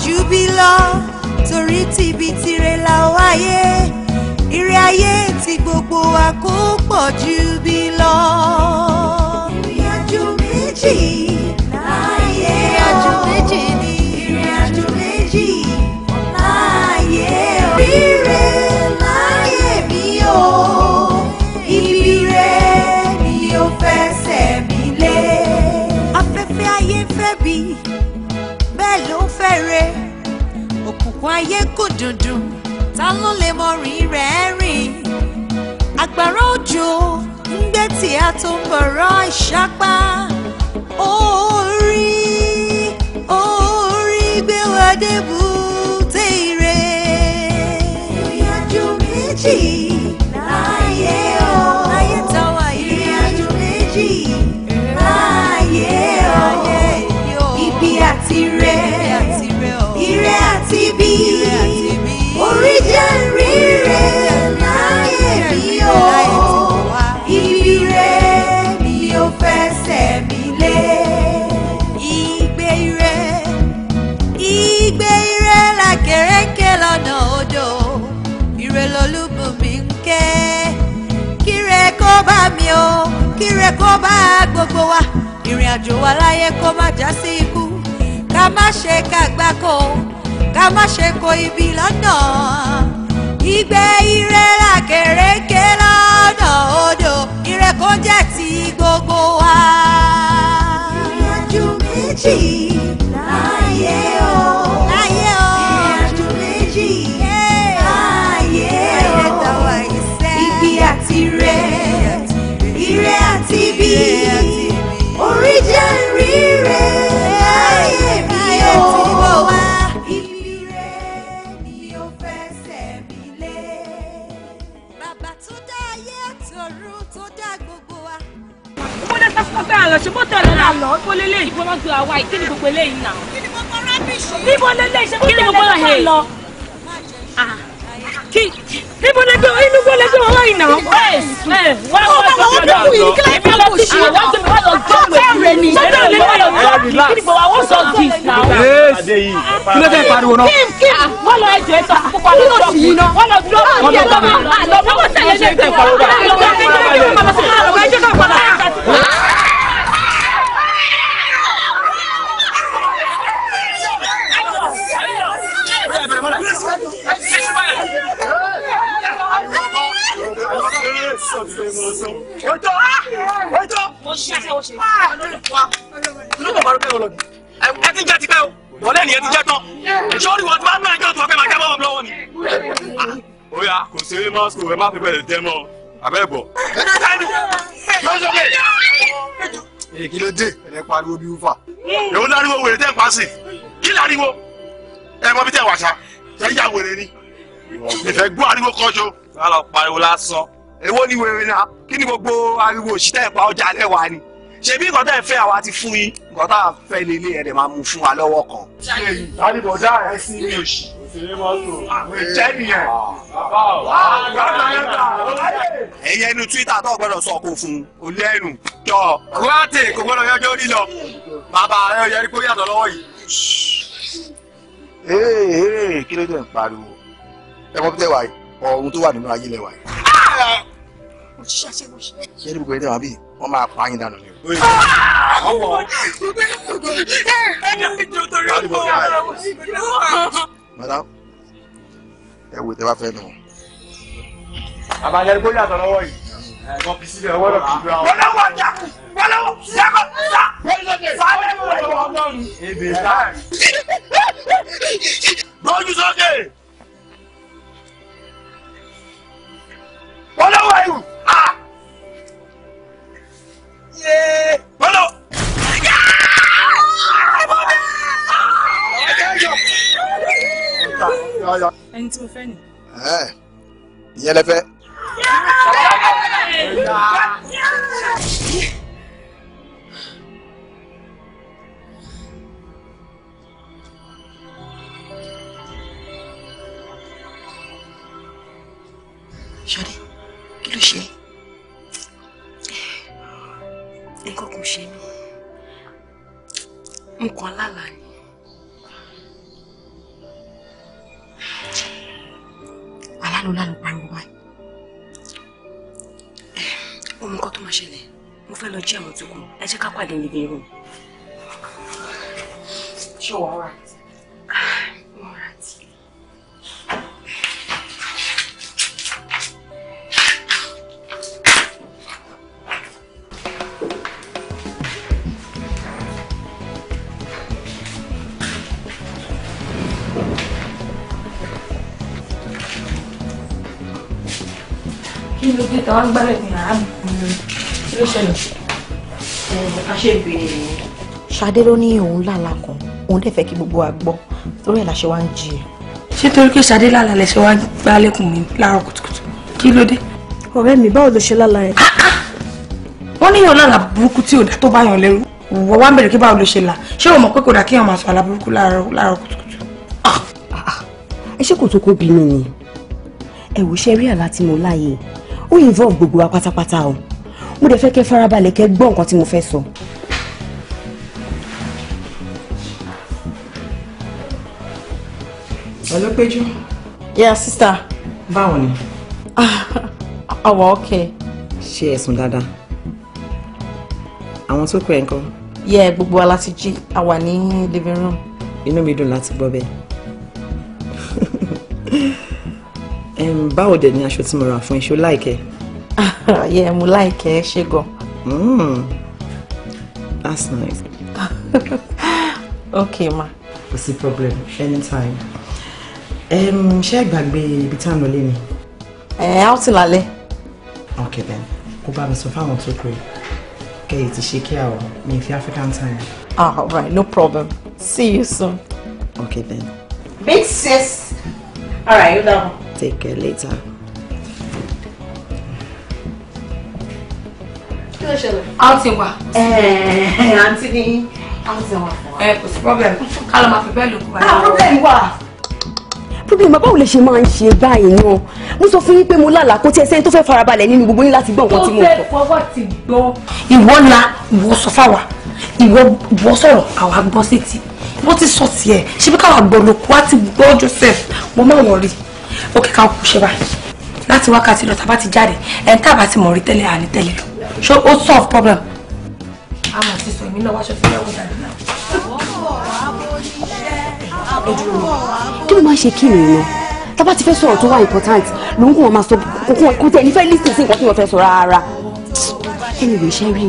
jù bí lọ torí tìbí tirẹ̀ la wáyé ire ayé tí gbogbo wa kó pọ̀ jù ìrìn àjò méjì. ayé kò dùndùn ta ló lè mọ rìn rẹ̀ rìn àgbàrá òjò ń gbé tí a tó ń bọ̀rọ̀ ìṣápá orí orí gbé wa débùú. o kíre kó bá gbogbo wa ìrìn àjò wa láyé kó má já sí ikú ká má ṣe kàgbákò ká má ṣe kó ibi lọ́nà ìgbé ire là kéréké lọ́nà odò ire kó jẹ́ ti gbogbo wa. ìrìn àjò méjì láyé o. AITV orí jẹ́ rírẹ̀ ayé mi ò wá ibi rẹ̀ ni ó fẹsẹ̀ mi lé. bàbá tó dá ayé àtọ̀run tó dá gbogbo wa. mo dé sọ fún ọ pé àlọ́ ṣe mọ́tò ẹ̀ lọ́la lọ ibo lélẹ̀ ìbọn lọ́gbé àwa kí ni gbogbo eléyìí nà. kí ni gbogbo rábìṣì. ibo lélẹ̀ ìṣẹ́ mọ́tò ẹ̀ lọ́la lọ. Ah, ah. kí tó lé wọn wáyìí náà. wọ́n wọ́n bá wọ́n bí wù yìí kílẹ̀ ìfẹ́ kò sí náà. sọ́tẹ̀ ni sọ́tẹ̀ rẹ̀ ni wọ́n lọ kí ni bọ̀ wọ́n sọ di náà. kílẹ̀ tẹ̀ pariwo náà. kim kim ah, wọ́n lọ ẹjọ́ ẹ̀ta àkókò àti ìjọkùn wọ́n lọ dúró. wọ́n lọ dúró. wọ́n lọ dúró. wọ́n lọ dúró. ọjọ́ ọjọ́ mo ṣe àṣẹ oṣù ló bàbá rẹ lọ ẹ ti jẹ tipẹ́ o wọlé ẹnìyẹn ti jẹ tán sọrí wọn ti máa ń náà jọ tó fẹ́ máa jábọ̀ wọn lọ́wọ́ ni. ó yá kò sí mọ́ sùkúl ẹ má fi bẹ̀rẹ̀ tẹ́ mọ́ abẹ́ bọ̀. èyí kí ló dé ẹ pariwo bí ufa. èwo láriwo wèrè tẹ́ ń pa sí kí láriwo ẹ mọ bí tẹ́ wàṣà ẹ yà wèrè ni ìfẹ́ gbọ́ ariwo kọ́jọ. wọ́n lọ pariwo lásán èwo ni wèrè náà kí ni gbogbo ariwo òṣìṣẹ́ ìpa ọjà lẹ́wàá ni ṣebí nǹkan tẹ́ ẹ fẹ́ àwa ti fún yín nǹkan tá a fẹ́ lélé ẹ̀ dẹ̀ máa mú fún wa lọ́wọ́ kan. àdìbòdà ẹ sí ní òṣì òṣèré mọ́tò àwọn ìjẹ́ nìyẹn. ẹ̀yẹ inú Twitter tó gbọ́dọ̀ sọ kó fún un ó lẹ́nu jọ kúrátì kò gbọ́dọ̀ yọjọ́ orí lọ bàbá rẹ ò yẹrí kó yàtọ̀ lọ́wọ́ yìí. kí ló dé ń pariwo ẹ mọ̀ bí tẹ́ wà yìí ọ̀run tó wà nínú ayé lẹ́wà yìí. Ah! mo ṣiṣẹ́ ṣe mo ṣiṣẹ́. ṣé ní gbogbo bíi wọ́n máa pa yín dànù ni o. ọwọ́ madam ẹ wo tẹ bá fẹ́ nù. àbàlẹ̀ kó yàtọ̀ lọ́wọ́ yìí ẹ̀gbọ́n fi sílẹ̀ ọwọ́ náà kì í gbé àwọn. wọ́n lọ́wọ́ ọjà wọ́n lọ́wọ́ ṣẹ́kọ̀ọ́ sá. sálẹ̀ mú ẹ̀jọ̀ ọlọ́run. èbè sáà. tó fẹ́ nì. ìyẹn lẹ fẹ́ Adé ló ní òun lálàá kan òun dẹ̀ fẹ́ kí gbogbo wa gbọ́ torí ẹ̀ la ṣe wá ń jí ẹ. ṣé torí pé Ṣadé lálàá lẹ ṣe wá gbá lẹ́kùn mi láàárọ̀ kùtùkùtù kí ló dé. ọ̀rẹ́ mi báwo ló ṣe lálàá yẹn. wọ́n ah, ah! ní yàn lálàá burúkú tí ò dá tó bá yàn lẹ́rú wọ́n wá ń bẹ̀rẹ̀ kí báwo ló ṣe là ṣé o mọ̀ pé kò dá kí yàn máa sọ àlá burúkú láàárọ̀ kùtùkùtù. Ah, ẹ ṣe kò tó kó bínú ni ẹ mo láàyè ó involve gbogbo wa pátápátá o mo dẹ̀ fẹ́ kẹ́ farabalẹ̀ mo fẹ́ sọ. So Hello, Peju. Yeah, sister. Báwo ni? Àwa okay. Ṣé ẹ̀sùn dáadáa? Àwọn tó kọ ẹ̀ ńkọ́? Yẹ gbogbo wa láti jí, a wà ní living room. Inú mi dùn láti gbọ́ bẹ́ẹ̀. Báwo dẹ̀ ni aṣọ tí mo rà fún iṣó láìkẹ́? Yẹ mo láìkẹ́ ṣe gan. Mm. That's nice. Okay ma. Kò sí problem anytime ṣé ẹ gbàgbé ibi tá à ń lọ lé ni. ẹ á ó ti lálẹ́. ok then kó bá mi sọ fáwọn tó pé kẹyì ti ṣe kí àwọn mi fi african time. ah all right no problem see you soon. ok then. big sis all right you know. take care later. kí ló ṣẹlẹ̀. àǹtí wa. àǹtí ni àǹtí wa. ẹ kò sí problem ká ló máa fi bẹ́ẹ̀ lóko báyìí. ah problem wà problem ma báwo lè ṣe máa ń ṣe báyìí náà mo sọ fún yín pé mo lálàá kó tí ẹ sẹ́ni tó fẹ́ farabalẹ̀ nínú gbogbo yín láti gbọ́ nǹkan tí mo sọ. tó fẹ́ fọwọ́ ti gbọ́. ìwọ la ìwọ sọ fáwa ìwọ ìwọ sọ̀rọ̀ àwa gbọ́ sétí wọ́n ti sọ tiẹ̀ ṣé bí káwa gbọ́ lóko wá ti gbọ́ Joseph mo máa wọ̀ rí ó kí ká kú ṣe báyìí láti wákàtí lọ tàbá ti jáde ẹ̀ ń tàbá ti mọ̀ rí tẹ́lẹ̀ àní tẹ́lẹ̀ ṣé ó solve problem. a mọ̀ sí sọ èmi náà wá ṣọ́ fi lẹ́wọ̀n kí ló máa ń ṣe kí nìyẹn náà tábà ti fẹ́ sọ̀rọ̀ tó wà important lòun kò wọ́n máa sọ kókó kó tẹ̀ nífẹ̀ẹ́ lísì sí nǹkan tí wọ́n fẹ́ sọ rárá ẹnì rẹ̀ ṣe rí ṣé bí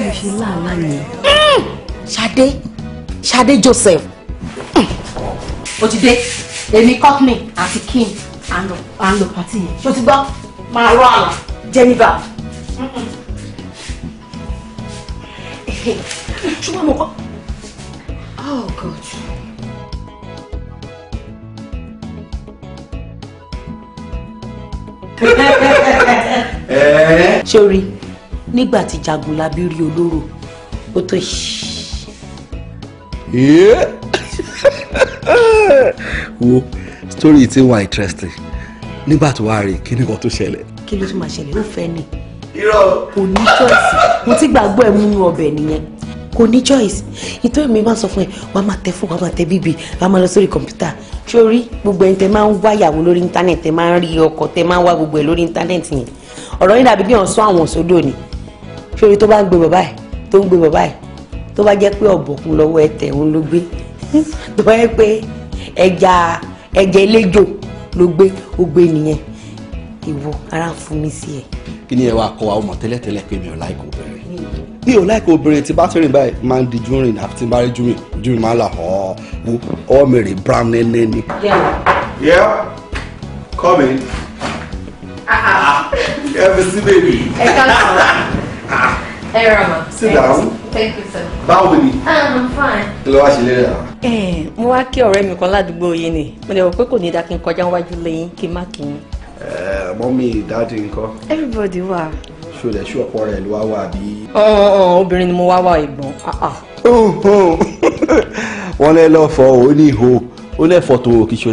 mo ṣe láàlá yẹn. Hmm! Ṣadé Ṣadé Joseph hmm! ó ti dé èmi Courtney àti Kim à ń lọ pàtì yẹn ṣó ti gbọ́ máa rọ àlà Jennifer hmm, ṣùgbọ́n mo kọ́. Oh God. Eh? sórí nígbà tí Jagunlabi rí olóró ó tó yìí. Eh? wo story ti wà interesting nígbà tó wá rí kí nìkan tó ṣẹlẹ̀. kí ló tún máa ṣẹlẹ̀ ó fẹ́ ni. irọ́ kò ní choice mo ti gbàgbọ́ ẹ̀ múnú ọbẹ̀ nìyẹn kò ní choice ìtọ́ èmi máa sọ fún ẹ wàá máa tẹ fún wàá máa tẹ bíbí wàá máa lọ sórí kọ̀mpútà sórí gbogbo ẹni tẹ máa ń wá ìyàwó lórí íńtánẹ̀tì tẹ máa ń rí ọkọ tẹ máa ń wá gbogbo ẹ lórí íńtánẹ̀tì yẹn ọ̀rọ̀ yín dàbí bí wọ́n sọ àwọn sódò ni sórí tó bá ń gbé bàbá ẹ̀ tó ń gbé bàbá ẹ̀ tó bá jẹ́ pé ọ̀bọ̀kun lọ́wọ́ ẹ tẹ̀ ń ló gbé tó bá yẹ pé ẹja ẹja eléjò ló gbé ó gbé nìyẹn ìwọ ara fún mi sí ẹ. kí ni ẹ wá kọ wa ọmọ tẹ́lẹ̀tẹ́lẹ̀ pé mi ò láì kó bẹ̀rẹ̀ mi ò láìka obìnrin tí bá ti rìn báyìí máa ń di júrìn àti tí n rí júrìn júrìn máa ń là ọ́ wo ọ́ mi brown Nene. ni. yeah come in. ẹ fi sí bèbí. ẹ ká sọ ẹ rà mà. sit down. thank you sir. báwo ni. Ah, i'm fine. kí ló wá ṣe lérè náà eh, mo wá kí ọ̀rẹ́ mi kan ládùúgbò yìí ni mo lè rò pé kò ní dá kí kọjá wájú lẹ́yìn kí n má kí n. mọ́mí dáàdì ńkọ́. everybody wà. Wow ṣó lẹ̀ ṣú ọ̀pọ̀ rẹ̀ ló wá wà bí. obìnrin ni mo wá wà ìgbọ̀n. Ah, ah. wọ́n lẹ́ lọ́fọ̀ ó ní ihò ó lẹ́fọ̀ tó o kì í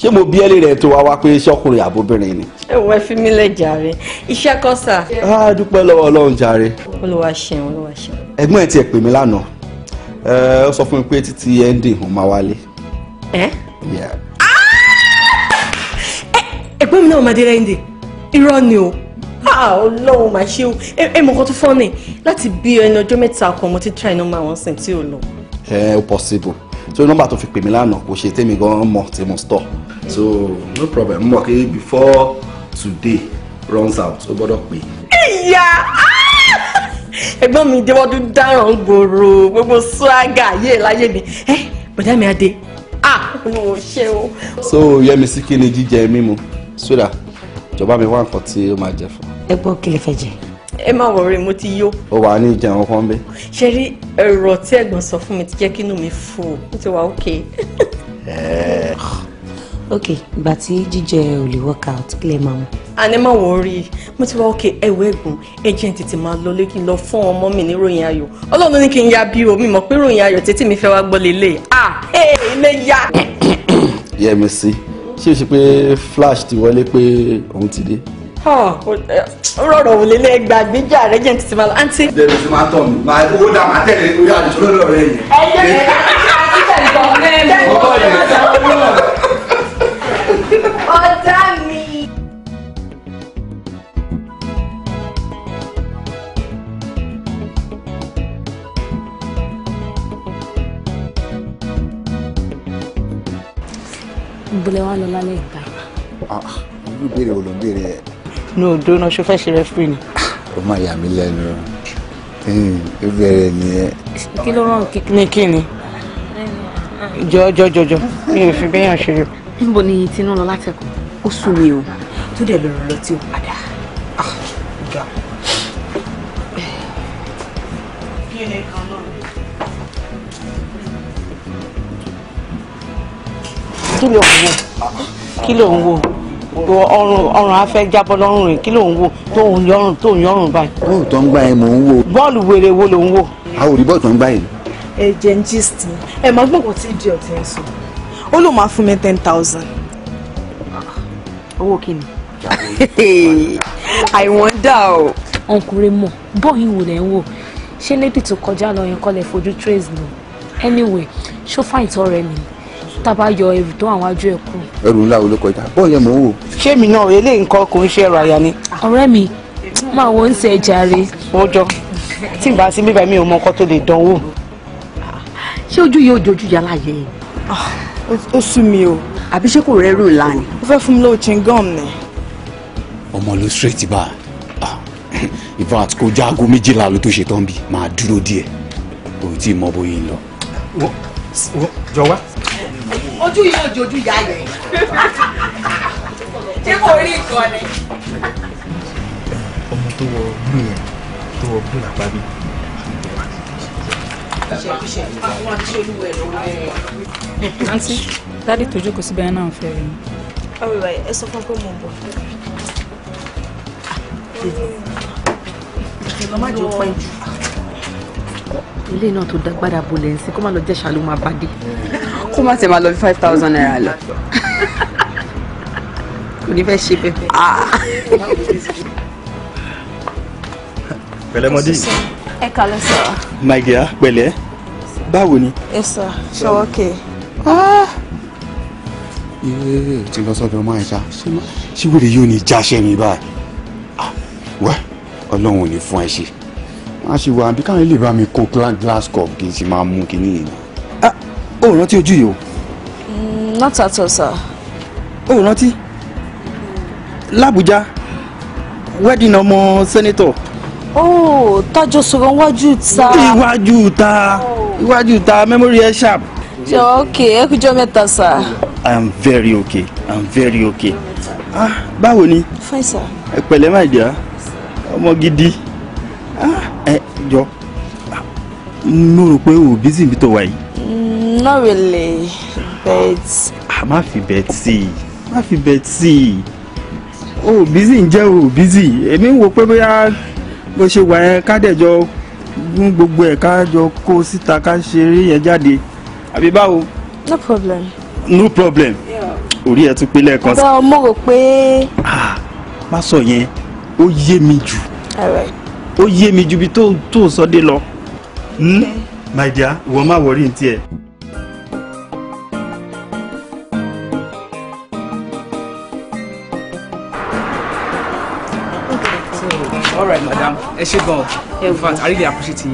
ṣé mo bí ẹ́ lè rẹ̀ tó wá wá pé ṣọ́kùnrin àbóbìnrin ni. ẹ wọ ẹ fi mí lẹ̀ jàre iṣẹ́ kọ́ sà. a dúpẹ́ lọ́wọ́ Ọlọ́run jàre. Olúwa ṣeun Olúwa ṣeun. ẹ̀gbọ́n ẹ̀ tiẹ̀ pè mí lánàá ó sọ fún mi pé títí ending òun máa wálé. ẹ ah! ẹ̀gbọ́n mi náà máa dé ending irọ́ ni o ọlọ́run mà ṣe o ẹ mọ̀ nǹkan tó fọ́ ni láti bí ẹni ọjọ́ mẹ́ta kan mo ti try nọ́mbà wọn sìn tí ò lọ. ẹ ó possible so nọ́mbà tó fi pè mí lánàá kò ṣe tèmi gan mọ̀ tí mo stọ̀ so no problem mo mọ̀ before today runs out ó gbọ́dọ̀ pé. ìyá ẹ̀gbọ́n mi jẹ́wọ́ tó dáràn gbòòrò gbogbo swaga yé láyé mi ẹ bọ̀dá mi adé ah mo ṣe o. so yẹmi sí kí ni jíjẹ mímu sódà. So jọba mi wá nǹkan tí ó máa jẹ fún. ẹ gbọ́ kí lè fẹ́ jẹ. ẹ má wọrí mo ti yó. ó wà ní ìjẹun kan bẹ. ṣe rí ọ̀rọ̀ tí ẹ̀gbọ́n sọ fún mi ti jẹ́ kí inú mi fò ó ti wà ókè. ok ìgbà tí jíjẹ ò lè work out kí lè máa mú. àní má wọrí mo ti wà ókè ẹ̀wọ̀ ẹ̀gbọ́n ẹ̀jẹ̀ ń tètè máa lọ lé kí n lọ fún ọmọ mi ní ròyìn ayọ̀ ọlọ́run ní kí n ya bí o mi pé ròyìn ayọ̀ tètè mi fẹ́ wá gbọ́ lélẹ̀ ah ilé ya. yẹ́mi sí ṣé o ṣe pé flash ti wọlé pé òun ti dé. rọrọ wò lélẹ̀ gbàgbé jà rẹ jẹ́ títí máa lọ àǹtí. bẹ́ẹ̀ bí máa tọ̀ mí máa owó dà máa tẹ̀lé orí àdìsọ́ lọ́rọ̀ rẹ yẹn. ẹ jẹ́ mi ká ti tẹ̀lé tọ̀ mẹ́rin. ọkọ yẹn ìbúlẹ̀ wa lọ lálẹ́ ìgbà. Ah, irú ìbéèrè wo ló ń béèrè ẹ. ní odò náà ṣó fẹ́ ṣe rẹ́fúrì ni. ó máa yà mí lẹ́nu ó bẹ̀rẹ̀ nìyẹn. kí ló rán ní kí ni jọjọjọjọ mi ò fi bẹ́yàn ṣeré. níbo ni tinú lọ látẹ̀kọ̀ ó sùn mi o tó dẹ̀ lọ́rọ̀ lọ tí o kí ló ń wò kí ló ń wò ọrùn ọrùn afẹ́ jábọ́ lọ́rùn rẹ̀ kí ló ń wò tó ń yọrùn tó ń yọrùn báyìí. bọ́ọ̀lù tó ń gbá ẹ mò ń wò. bọ́ọ̀lù wèrè wo ló ń wò. a ò rí bọ́ọ̀lù tó ń gbá yìí. ẹ jẹ́ ń gist ni ẹ máa gbọ́n kò tí ì di ọ̀tẹ̀ ẹ̀ sọ ó lóun máa fún mi ten thousand. owó kí ni. àìwọ̀n dà o. ọkùnrin mọ̀ bọ́ọ̀lù wò lẹ́ ń wò ṣé lady tó kọjá lọ yẹn kọ́ lẹ fojú trace ni anyway ṣó fáìn tọrẹ ni tábà yọ ẹrù tó àwọn ajú ẹ kù. ẹrù ńlá olóko ìta bó yẹ mò ń wò. ṣé mi náà eléyìí nǹkan kò ń ṣe ẹrù àyà ni. ọ̀rẹ́ mi máa wo ń ṣe ẹja re. mo jọ tí n bá sí bíbá mi ò mọ nǹkan tó lè dánwò. ṣé ojú yóò dojú yàrá yẹ ẹ. ó sú mi o àbí ṣé kò rẹ́rù ńlá ni. ó fẹ́ fún mi lóò chin gum ni. ọmọ ló straight bá a ah, in fact kó jáago méjìlá ló tó ṣe tán bí máa dúró díẹ̀ kò tí ì mọ bóyá ń lọ. jọ̀wọ́ ojú yìí ojú ojú ìyá yẹn ṣé kò rí nǹkan ni. ọmọ tó wọ blue yẹn tó wọ blue làpá bí. àǹtí dáàdì tó jókòó síbẹ̀ náà ń fẹ́ rí mi. ọ̀rọ̀ ẹ sọ fún pé mo bọ̀. ìjọba ilé náà tó dágbára bolẹ̀ ń sin kó má lọ jẹ́ ṣàlùmọ́ abadé tó má ti máa lọ bí five thousand naira lọ kò ní fẹ́ ṣe bẹ́ẹ̀. Ah. pẹ̀lẹ́ mọdé ẹ kà lọ sọ. my dear pẹ̀lẹ́ báwo ni. ẹ sọ ṣọwọ́ kè é. iye tí lọ sọ́dọ̀ máa ṣá ṣé wèrè yóò ní jáṣẹ́ mi báyìí ah, wá ọlọ́run ò ní fún ẹ ṣe má ṣe wà bí káwọn lè bá mi kó glass cup kí n sì máa mú kinní yìí o ò rántí ojú yìí o. Mm, not at all sir. o ò rántí làbújá wedding ọmọ senator. oh tájọ sọ̀rọ̀ iwájú ta. iwájú ta iwájú ta memory ẹ sharp. ṣe ok ẹ kú jọ mẹ́ta sir. i am very okay i am very okay. ah báwo ni. fine sir. ẹ pẹ̀lẹ́ my dear ọmọ gidi ah ẹ jọ ah, mo rò pé o busy níbi tó wà yìí not really but. a ah, má fi bẹ́ẹ̀ tì í má fi bẹ́ẹ̀ tì oh, busy in jail, o busy èmi ń wo pé we should ṣe wà yẹn a dẹ̀ We gún gbogbo ẹ̀ ká jọ kó síta ká ṣe eré yẹn jáde àbí báwo. no problem. no problem. orí ẹ tún pé lẹ́ẹ̀kan sí. bẹ́ẹ̀ mo rò pé. Ah, má sọ yẹn ó yé mi jù ó yé mi jù bí tó tó sọ dé lọ. Hmm? my dear ìwọ má wọrí ní ẹ ṣe in fact i really appreciate you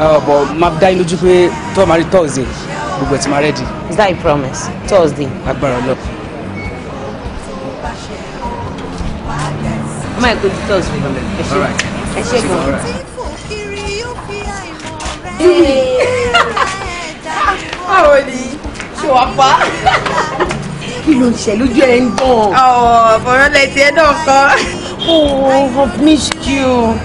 uh, but ma dá yín lójú pé tó ma rí thursday gbogbo ẹ̀ ti ma ready. is that a promise thursday. agbára lọ. ọmọ ẹ̀ kò ju thursday ẹ ṣe ẹ ṣe gan. báwo ni ṣe wà pa kí ló ń ṣe lójú ẹ ń dán. ọ̀ oh, bọ̀rọ̀ lẹ́tì ẹ̀ náà kọ́. oh I've missed you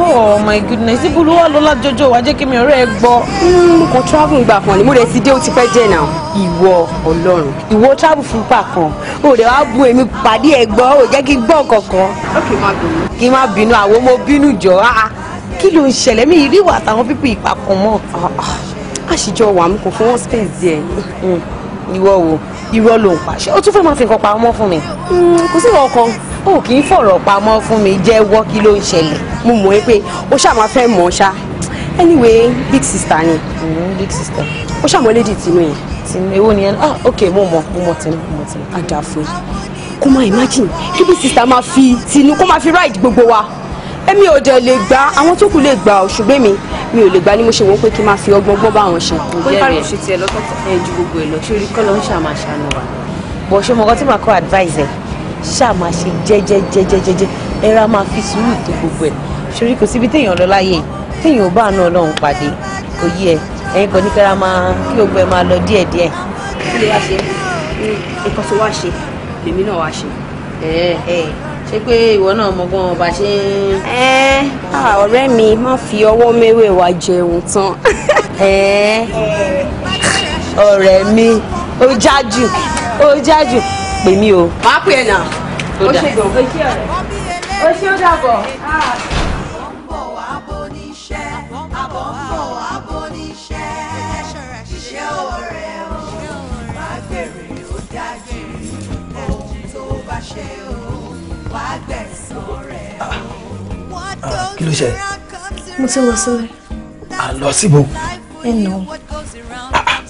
oh my goodness ibo ló wà Lola Jojo, wa jẹ́ kí mi ọ̀rẹ́ ẹ gbọ́. Hmm, mo kàn travel ìgbà kan ni mo rẹ̀ ti dé ó ti fẹ́ jẹ́ náà. ìwọ ọlọ́run ìwọ travel fún pa kan o rẹ̀ wá bu èmi pàdé ẹ gbọ́ o jẹ́ kí n gbọ́ kankan. ó kì í má bínú. kì í má bínú àwo mo bínú jọ ah, ah. kí ló ń ṣẹlẹ̀ mi ìrí ìwà àtàwọn pípì ìpapọ̀ mọ́. àṣìjọ ah, wà mí kò fún wọn space díẹ̀ hmm, ìwọ wo irọ́ ló ń pàṣẹ ó tún fẹ́ máa fi nǹkan pamọ́ fún mi. Hmm, kò sí kan ó kì í fọ̀rọ̀ pamọ́ fún mi jẹ́wọ́ kí ló ń ṣẹlẹ̀ mo mọ̀ ẹ́ pé ó ṣàmọ́ fẹ́ mọ̀ ṣá anyway big sister ni mm, big sister ó ṣàmọ́ lady tinú yẹn tinú èwo nìyẹn ah ok mo mọ̀ mo mọ̀ tinú mo mọ̀ tinú. àdàfo kó máa imagine kí big sister máa fi tinú kó máa fi ride gbogbo wa èmi ò dẹ̀ lè gbà àwọn tó kù lè gbà ọ́ ṣùgbọ́n mi mi ò lè gbà ni mo ṣe wọ́n pé kí n máa fi ọgbọ́n gbọ́ bá àwọn ṣe. ǹjẹ́ rẹ̀ ṣe tiẹ̀ lọ́tọ̀ọ̀tọ̀ ẹ̀ ju gbogbo ẹ̀ lọ ṣé orí kọ́ ló ń ṣàmàṣàánú wa. bọ̀ ṣé mo kọ́ tí màá kọ́ advice ẹ̀ ṣáà máa ṣe jẹ́jẹ́jẹ́jẹ́jẹ́ ẹ̀rọ máa fi sùúrù tó gbogbo ẹ̀ ṣorí kò síbi téèyàn lọ láyè téèyàn ò bá àánú ọlọ́run pàdé kò yí ẹ ẹ̀yin kan ní kẹ́ra máa kí gbogbo ẹ máa lọ díẹ̀díẹ̀. kí ló wá ṣe nǹkan tó wá ṣe lèmi náà wá ṣe ṣé pé ìwọ náà mọ gan ọba ṣe ń. ọ̀rẹ́ mi má fi ọwọ́ mẹ́wẹ̀ẹ̀wá jẹun tán. ọ̀rẹ́ mi ó jájú ó jájú pè mí o. má pè ẹ̀ náà. ó ṣe gbọ̀ngàn. ṣe ọ̀rẹ́. ṣe ó dàbọ̀. Ah, kí ló ṣe. mo ti lọ sílẹ̀. a lọ síbo. ẹ nà ó. Ah, ah.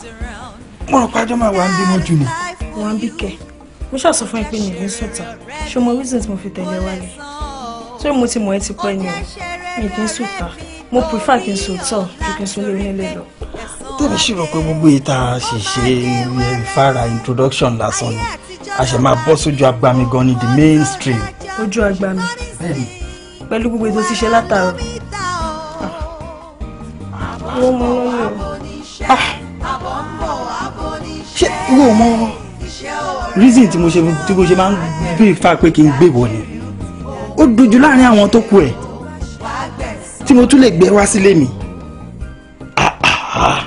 mo rò pé ajọ́ máa wà ń bímọ jù ni. wà á bí kẹ́ mo ṣàṣọ fún ẹ pé mi ní sùtà ṣé mo reason tí mo fi tẹ̀lé wálé torí mo ti mọ̀ ẹ́ ti pẹ́ ni o mi kì í sùtà mo prefer kí n sòótọ́ ju kí n sọ onílé lọ. tẹ̀lé ṣírò pé gbogbo ìta ṣèṣe ìfara introduction lásán ni a ṣe máa bọ́ sójú agbami gan ni the mainstream. ojú agbami pẹ̀lú gbogbo ètò ti ṣe látàárọ̀. wọ́n mọ wọ́n mọ̀. Ah. ṣé ìwé ò mọ wọn reason tí mo ṣe tí mo ṣe máa ń bí fa pé kí n gbé wọ ni ó dojú láàrin àwọn tó kù ẹ̀ tí mo tún lè gbé wá sílé mi ah ah ah,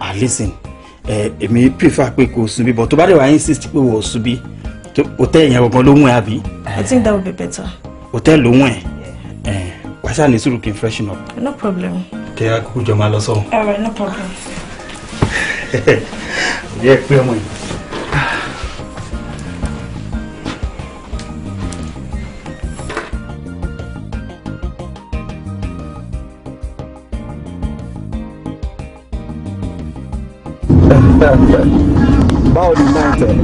ah listen ẹ èmi prefer pé kò sùn bí but tó bá dẹ̀ wá insist pé wò ó sùn bí hòtẹ́ẹ̀lì yẹn gangan ló mú ẹ àbí. I think that would be better. hòtẹ́ẹ̀lì ló mú ẹ wàá ṣáà ní sùúrù kí n freshen up. no problem. kẹ́ ẹ kúkú jọ máa lọ sọ́hún. all right no problem. ẹ jẹ́ pé ọmọ yìí. báwo ni náà tẹ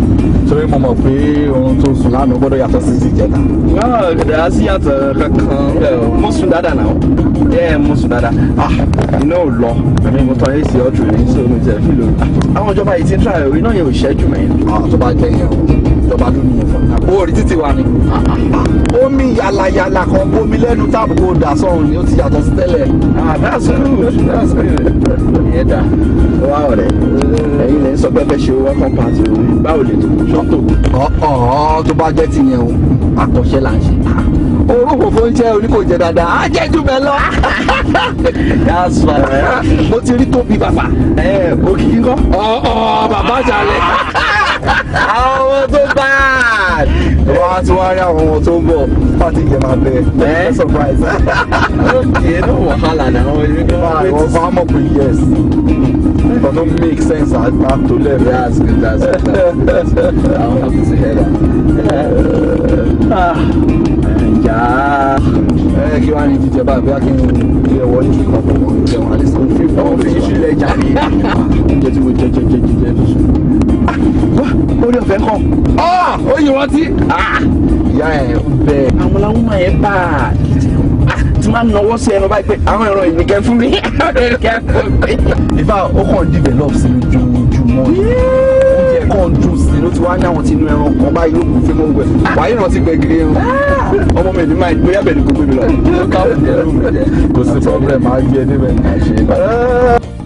torí mo mọ̀ pé ohun tó sùn lánàá gbọ́dọ̀ yàtọ̀ sí ti jẹta. náà ah, gẹ̀dẹ̀ á sí yàtọ̀ kankan eh, mo sùn dáadáa náà yẹ mo sùn dáadáa ah, iná ò lọ mo tọ́ èsì ọ̀tún yìí sóònù jẹ́ fílò àwọn ìjọba yìí ti ń tra ìròyìn náà yẹn ò ṣẹ́jú mẹ́yìn. àwọn ah, tó bá jẹ́ yẹn o ìjọba ló ní yẹn fún mi. orí títí wa ni. omi yàlàyàlà kan bomi lẹ́nu táàbù kò dà sọ̀rùn ni ó ti yàtọ̀ sí tẹ́lẹ̀. Ah, that's good that's good. ìyẹn dà wá ọ̀rẹ́ ẹ̀yin lè sọ pẹ́pẹ́ ṣe welcome party o báwo lè tó ṣọ́tò. ọ̀ọ́ tó bá jẹ́ ti yẹn o àkọ́ṣẹ́ là ń ṣe. Ah, orúkọ fún jẹ́ oníkòjẹ dáadáa á jẹ́ jù mẹ́ lọ. that's fine. mo ti rí tóbi bàbá. ẹ òkìkí kọ́. ọ̀ọ́ bàbá jalè. àwọn ọmọ tó bá wọ́n á ah, yes but no make sense at back to left. that's good that's good I wan happy to hear that. ǹjẹ́ ẹ kí oúnjẹ tí mo jẹ jẹ jẹ jẹ lọ́sùn. Ah, orí ọ̀fẹ́ kọ́ ó ah, yẹ wọ́n tí ah, ìyá ẹ̀ bẹ́ẹ̀. àwọn làwọn máa yẹ bá a tí máa nọwọ́ sí ẹnu báyìí pé àwọn ẹ̀rọ yìí nìkan fún mi nìkan fún mi. ìfà ó kàn develop sí lójoojúmọ́ oúnjẹ kan dùn sí ló ti wá ní àwọn tí inú ẹran kan báyìí ló kún fún mọ́ gbẹ wàá yìí rántí gbẹgìrì ẹran ọmọ mi ní máa gbé yàbẹ̀ ní gbogbo mi lọ kó káwọn jẹ lóhùn jẹ kò sí problem á gbé ẹ níbẹ̀ ní àṣẹ.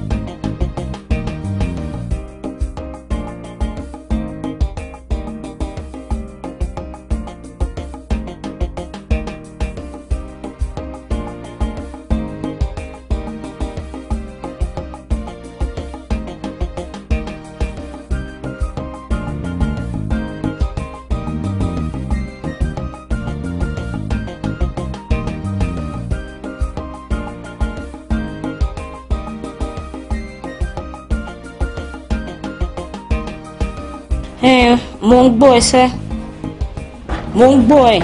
mo ń gbọ́ ẹsẹ̀ mo ń gbọ́ ẹ̀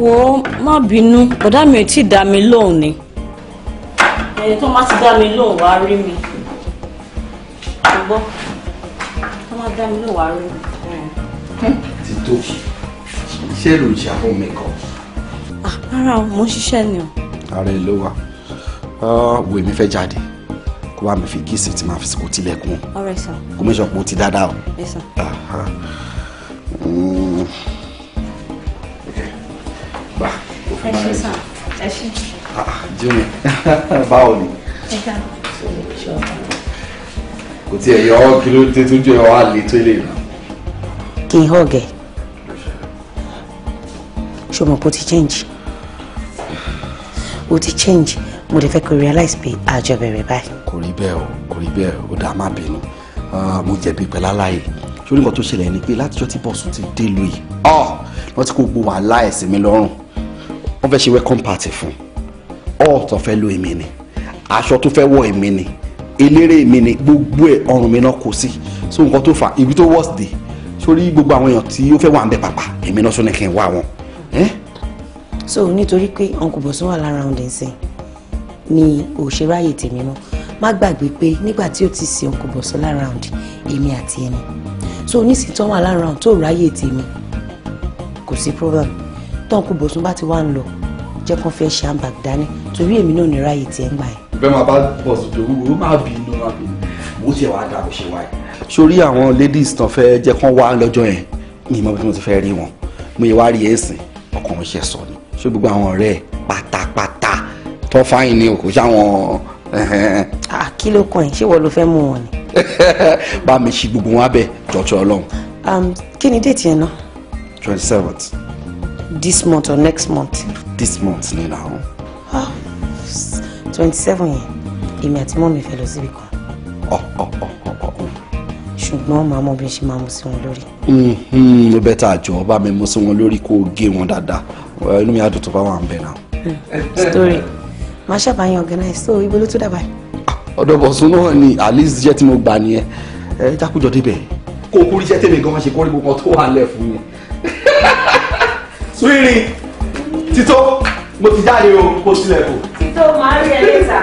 wò ó má bínú bọ̀dá mi ò tí ì dá mi lóhùn ni ẹni tó má ti dá mi lóhùn wá rí mi gbọ́ tó ló ń ṣe àpò mi kan. Ah, o mo ń ṣiṣẹ́ ni o. ara ẹ ló wà ah, wèmí fẹ́ jáde kó bá mi fi kíìsì tí màá fi kó tilẹ̀kùn. ọ̀rẹ́ sọ. kó ti dáadáa o. Ah, jimmy báwo ni. ẹ ká sọ yọ kí ló dé tó jẹ́ ọ́ àlè tó lè rà. kì í họ̀gẹ̀ ṣùgbọ́n kò ti change o ti change mo lè fẹ́ kó realize pé àjọ bẹ̀rẹ̀ báyìí kò rí bẹ́ẹ̀ o kò rí bẹ́ẹ̀ o dá má bínú ah, mo jẹ̀bi pẹ̀lú aláyè sórí nǹkan tó ṣẹlẹ̀ ni pé látijọ́ tí bọ́ọ̀sù ti dé lu yìí ọ́ ah, wọ́n ti kó gbogbo wàhálà ẹ̀sìn mi lọ́rùn wọ́n fẹ́ ṣe welcome party fún ọ́ tó fẹ́ lo èmi ni aṣọ tó fẹ́ wọ èmi ni eléré èmi ni gbogbo ẹ̀ ọrùn mi náà kò sí so nǹkan tó fà ibi tó worst day sórí gbogbo àwọn èèyàn tí ó fẹ́ wà ń bẹ pàpà èmi náà sọ́ni kí n wá wọn. Eh? so nítorí pé uncle bọ̀sùn wà lára ọ̀dẹ̀ ni òṣèré àyè tèmi náà má gbàgbé pé nígbà tí ó ti sin ọkọ̀ bọ̀sọ́ láràùnd èmi àti ẹni so onísìn tó wà láràùnd tó ráyè tèmi kò sí problem tọ́ǹkù bọ̀sùn bá ti wá ń lọ jẹ́ kán fẹ́ ṣe àǹbà dání torí èmi náà ní ráyè tiẹ̀ ń gbà yẹn. bẹ́ẹ̀ máa bá bọ̀sùn tó wúwo máa bì inú máa bì mo ti wàá dà bó ṣe wáyé. sórí àwọn ladies tán fẹ́ jẹ́ kán wá lọ́jọ́ yẹn ní ìmọ̀ bí mo ti fẹ́ rí wọn mo yẹ wá rí ẹ̀sìn ọkàn mi ṣe sọ ni ṣé gbogbo àwọn ọ̀rẹ́ pátápátá tó fáyín ni kò ṣáwọn Ah, kí ló kàn yín ṣé wọ́n ló fẹ́ mú wọn ni. bá mi ṣe gbogbo wọn abẹ jọjọ Ọlọ́run. Um, kí ni déètì yẹn náà. twenty seventh. this month or next month. this month ni na. Ah, twenty seven yẹn èmi àti mọ́mi fẹ́ lọ síbi kan. Oh, oh, oh, ṣùgbọ́n màá mọ bí n ṣe máa mú sí wọn lórí. Mm-hmm, ó bẹ́ẹ̀ tá a jọ bá mi mú sí wọn lórí kó o gé wọn dáadáa inú mi á dùn tó bá wà ń bẹ̀ náà. Hmm, story màá ṣàbàyàn organize so ibo ló tún dàbà. ọ̀dọ̀ bọ̀sùn náà ni alice jẹ́ tí mo gbà nìyẹn ẹ jákùjọ débẹ̀. kó o kúrú iṣẹ́ tèmi gan-an ṣe kórìbù kan tó wà lẹ̀ fún yẹn. sùúrì títọ́ mo ti jáde o kó tilẹ̀ kù. títọ́ màá rí ẹ lẹ́sà.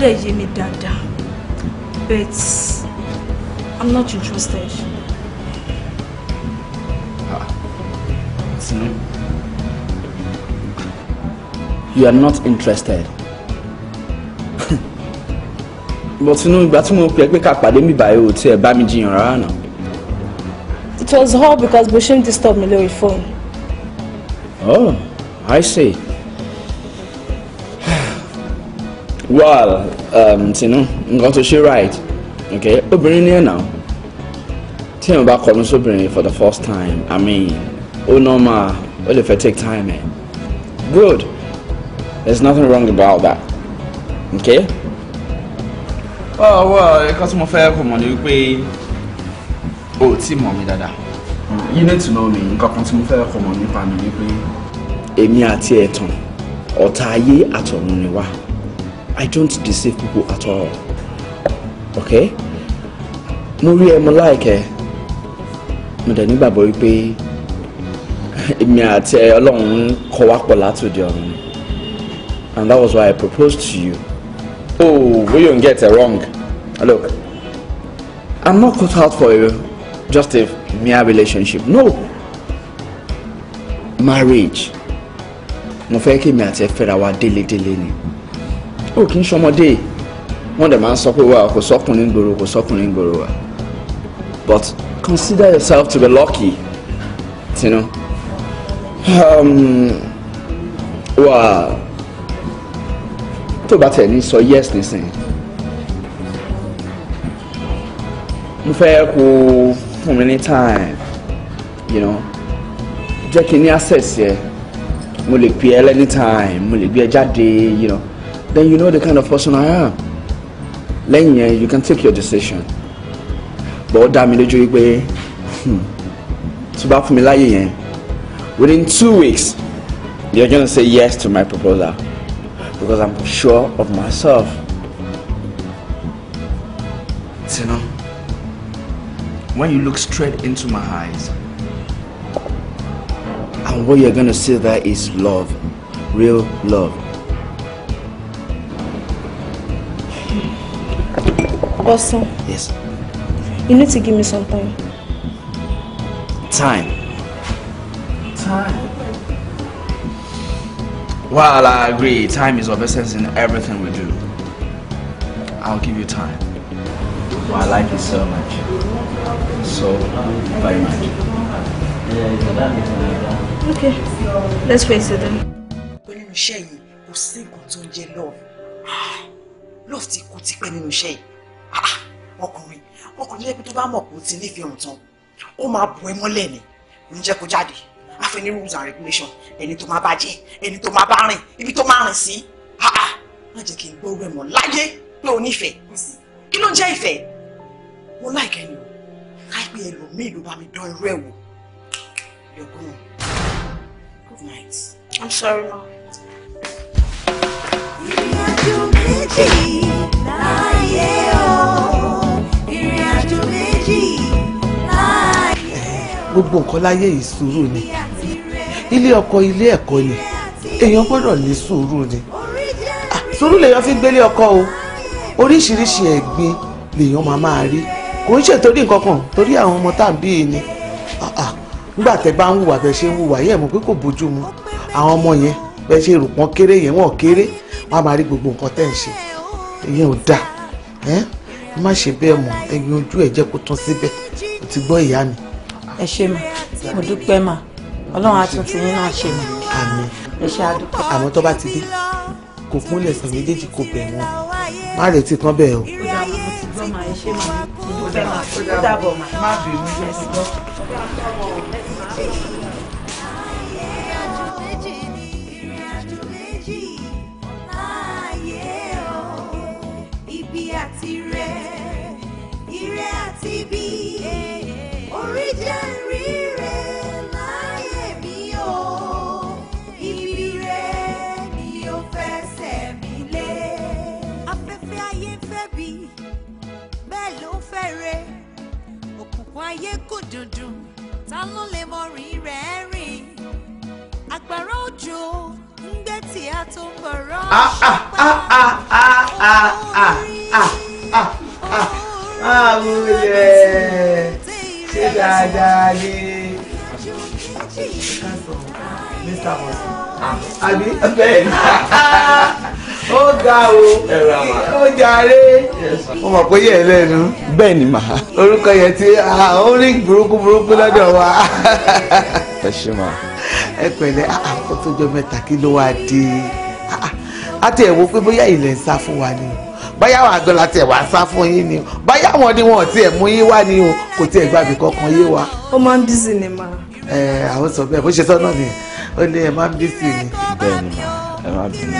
dẹ̀ yé mi dáadáa but I'm not interested. Ah, Tinu, you are not interested. but Tinu, ìgbà tí mo pè pé ká pàdé mi báyìí ò tiẹ̀ bá mi jiyàn rárá náà. It was all because Bushim disturbed me lórí phone. Oh, I see. well um, tinú nǹkan tó ṣe right okay obìnrin ní ẹ̀nà tí èèyàn bá kọnu sóbìnrin for the first time i mean ó normal ó lè fẹ́ take time ẹ̀ good there's nothing wrong about that okay. wọ́ọ̀ well, ẹ̀kọ́ tí mo fẹ́ kọ̀ mọ̀ ni wípé o ò you need to know me nǹkan kan tí mo fẹ́ kọ̀ mọ̀ nípa mi ni pé èmi àti ẹ̀tàn ọ̀tá ayé àtọ̀run ni wá. I don't deceive people at all okay mo rí ẹ mo láìkẹ mo dẹ̀ nígbàgbọ́ wípé èmi àti ẹ ọlọ́run kọ wá pọ̀ látòdì ọ̀run and that was why I proposed to you oh we don't get it wrong ah, look I'm not cut out for you just a mere relationship no marriage mo fẹ́ kí èmi àti ẹ fẹ́ra wa délédélé ni ó kì í ṣọmọdé wọ́n dẹ̀ máa ń sọ pé wà kò sọkùnrin gbòòrò kò sọkùnrin gbòòrò wa but consider yourself to be lucky you know um, wà tó bá tẹ̀ ní sọ yes nísìn mo fẹ́ kó fún mi ní time you know jẹ́ kí n ní access yẹ mo lè pè ẹ́ lẹ́ni time mo lè gbé ẹ jáde you know then you know the kind of person I am. Lẹ́yìn yẹn, you can take your decision. But ó dá mi lójú wípé hmm, tó bá fún mi láyè yẹn, within two weeks, you're gonna say yes to my proposal because I'm sure of myself. Tina, when you look straight into my eyes, and what you're gonna see there is love, real love. Austin. Yes. You need to give me some time. Time. Time. Well, I agree. Time is of essence in everything we do. I'll give you time. Well, I like you so much. So very much. Okay. Let's face it then. When you share, you sí nǹkan tó love. Ah, love ti kú ti pẹ́ nínú share. Ah, ọkùnrin ọkùnrin lẹ́bi tó bá mọ̀ kó ti nífẹ̀ẹ́ òun ó máa bọ̀ ẹ́ mọ́lẹ̀ ni kò ń jẹ́ kó jáde afẹ́ ní rules and regulations ẹni tó máa bá ẹni tó máa bá rìn ibi tó máa rìn sí ah, ah, má jẹ́ kí n gbọ́ rẹ̀ mọ́ láyé pé o nífẹ̀ẹ́ kí ló ń jẹ́ ìfẹ́ mo láìkẹ́ ni o káìpẹ́ ẹlòmíì ló bá mi dán irú ẹ̀ wò you're good night. I'm sorry ma. ìrìn méjì. gbogbo nǹkan láyé yìí sùúrù ni ilé ọkọ ilé ẹ̀kọ́ ni èèyàn gbọ́dọ̀ ní sùúrù ni sùúrù lèèyàn fi gbélé ọkọ o oríṣiríṣi ẹ̀gbin lèèyàn máa máa rí kò ń ṣètòrí nǹkan torí àwọn ọmọ tá à ń bí ni nígbà tẹ́ bá ń hùwà bẹ ṣe ń hùwà yẹ mọ̀ pé kò bójú mu àwọn ọmọ yẹn bẹ ṣe rò pọ́n kéré yẹn wọ́n kéré wọ́n á máa rí gbogbo nǹkan tẹ́ ń ṣe ìyẹn ò dáa ẹ má ṣe bẹ́ẹ̀ mọ́ ẹyin ojú ẹ̀ jẹ́ kó tán síbẹ̀ ó ti gbọ́ ìyá mi ẹ ṣe mà mo dúpẹ́ mà ọlọ́run á tún ti yín náà ṣe mà àmín ẹ ṣe àdúpẹ́. àmọ́ tó bá ti dé kò fúnlẹ̀ sàn méjèèjì kò bẹ̀ wọ́n má retí kan bẹ́ẹ̀ o. ó dà mà ẹ ṣe mà ó dà mà má bẹ̀rù ẹ ti gbọ́. ayé kò dùndùn ta ló lè mọ rìn rẹ̀ rìn àgbàrá òjò ń gbé tí a tó ń bọ̀rọ̀ ṣùpá orí amúlẹ̀ ṣe dáadáa ní Mr. Mọ̀sí ah, àbí bẹ́ẹ̀ ni. ó ga o ó jàre ó mọ̀ pé yẹ̀ ẹ́ lẹ́nu. bẹ́ẹ̀ ni màá. orúkọ yẹn ti ó rí burúkú burúkú lọ́dọ̀ wa. ẹ ṣe máa. ẹ pẹ̀lẹ́ àkótójọ mẹ́ta kí ló wáá dé a ti ẹ̀ wo pé bóyá ilẹ̀ ń sá fún wa ni báyà wà gan la tiẹ̀ wá sá fún yín ni báyà wọn ni wọn tiẹ̀ mú yín wá ni o kò tiẹ̀ gbàgbé kankan yé wa. ó máa ń bísí ni màá. ẹ àwọn sọ bẹ́ẹ̀ bó ṣe sọ náà ni ó ní ẹ máa ń bísí ni. bẹ́ẹ̀ ni màá ẹ máa bínú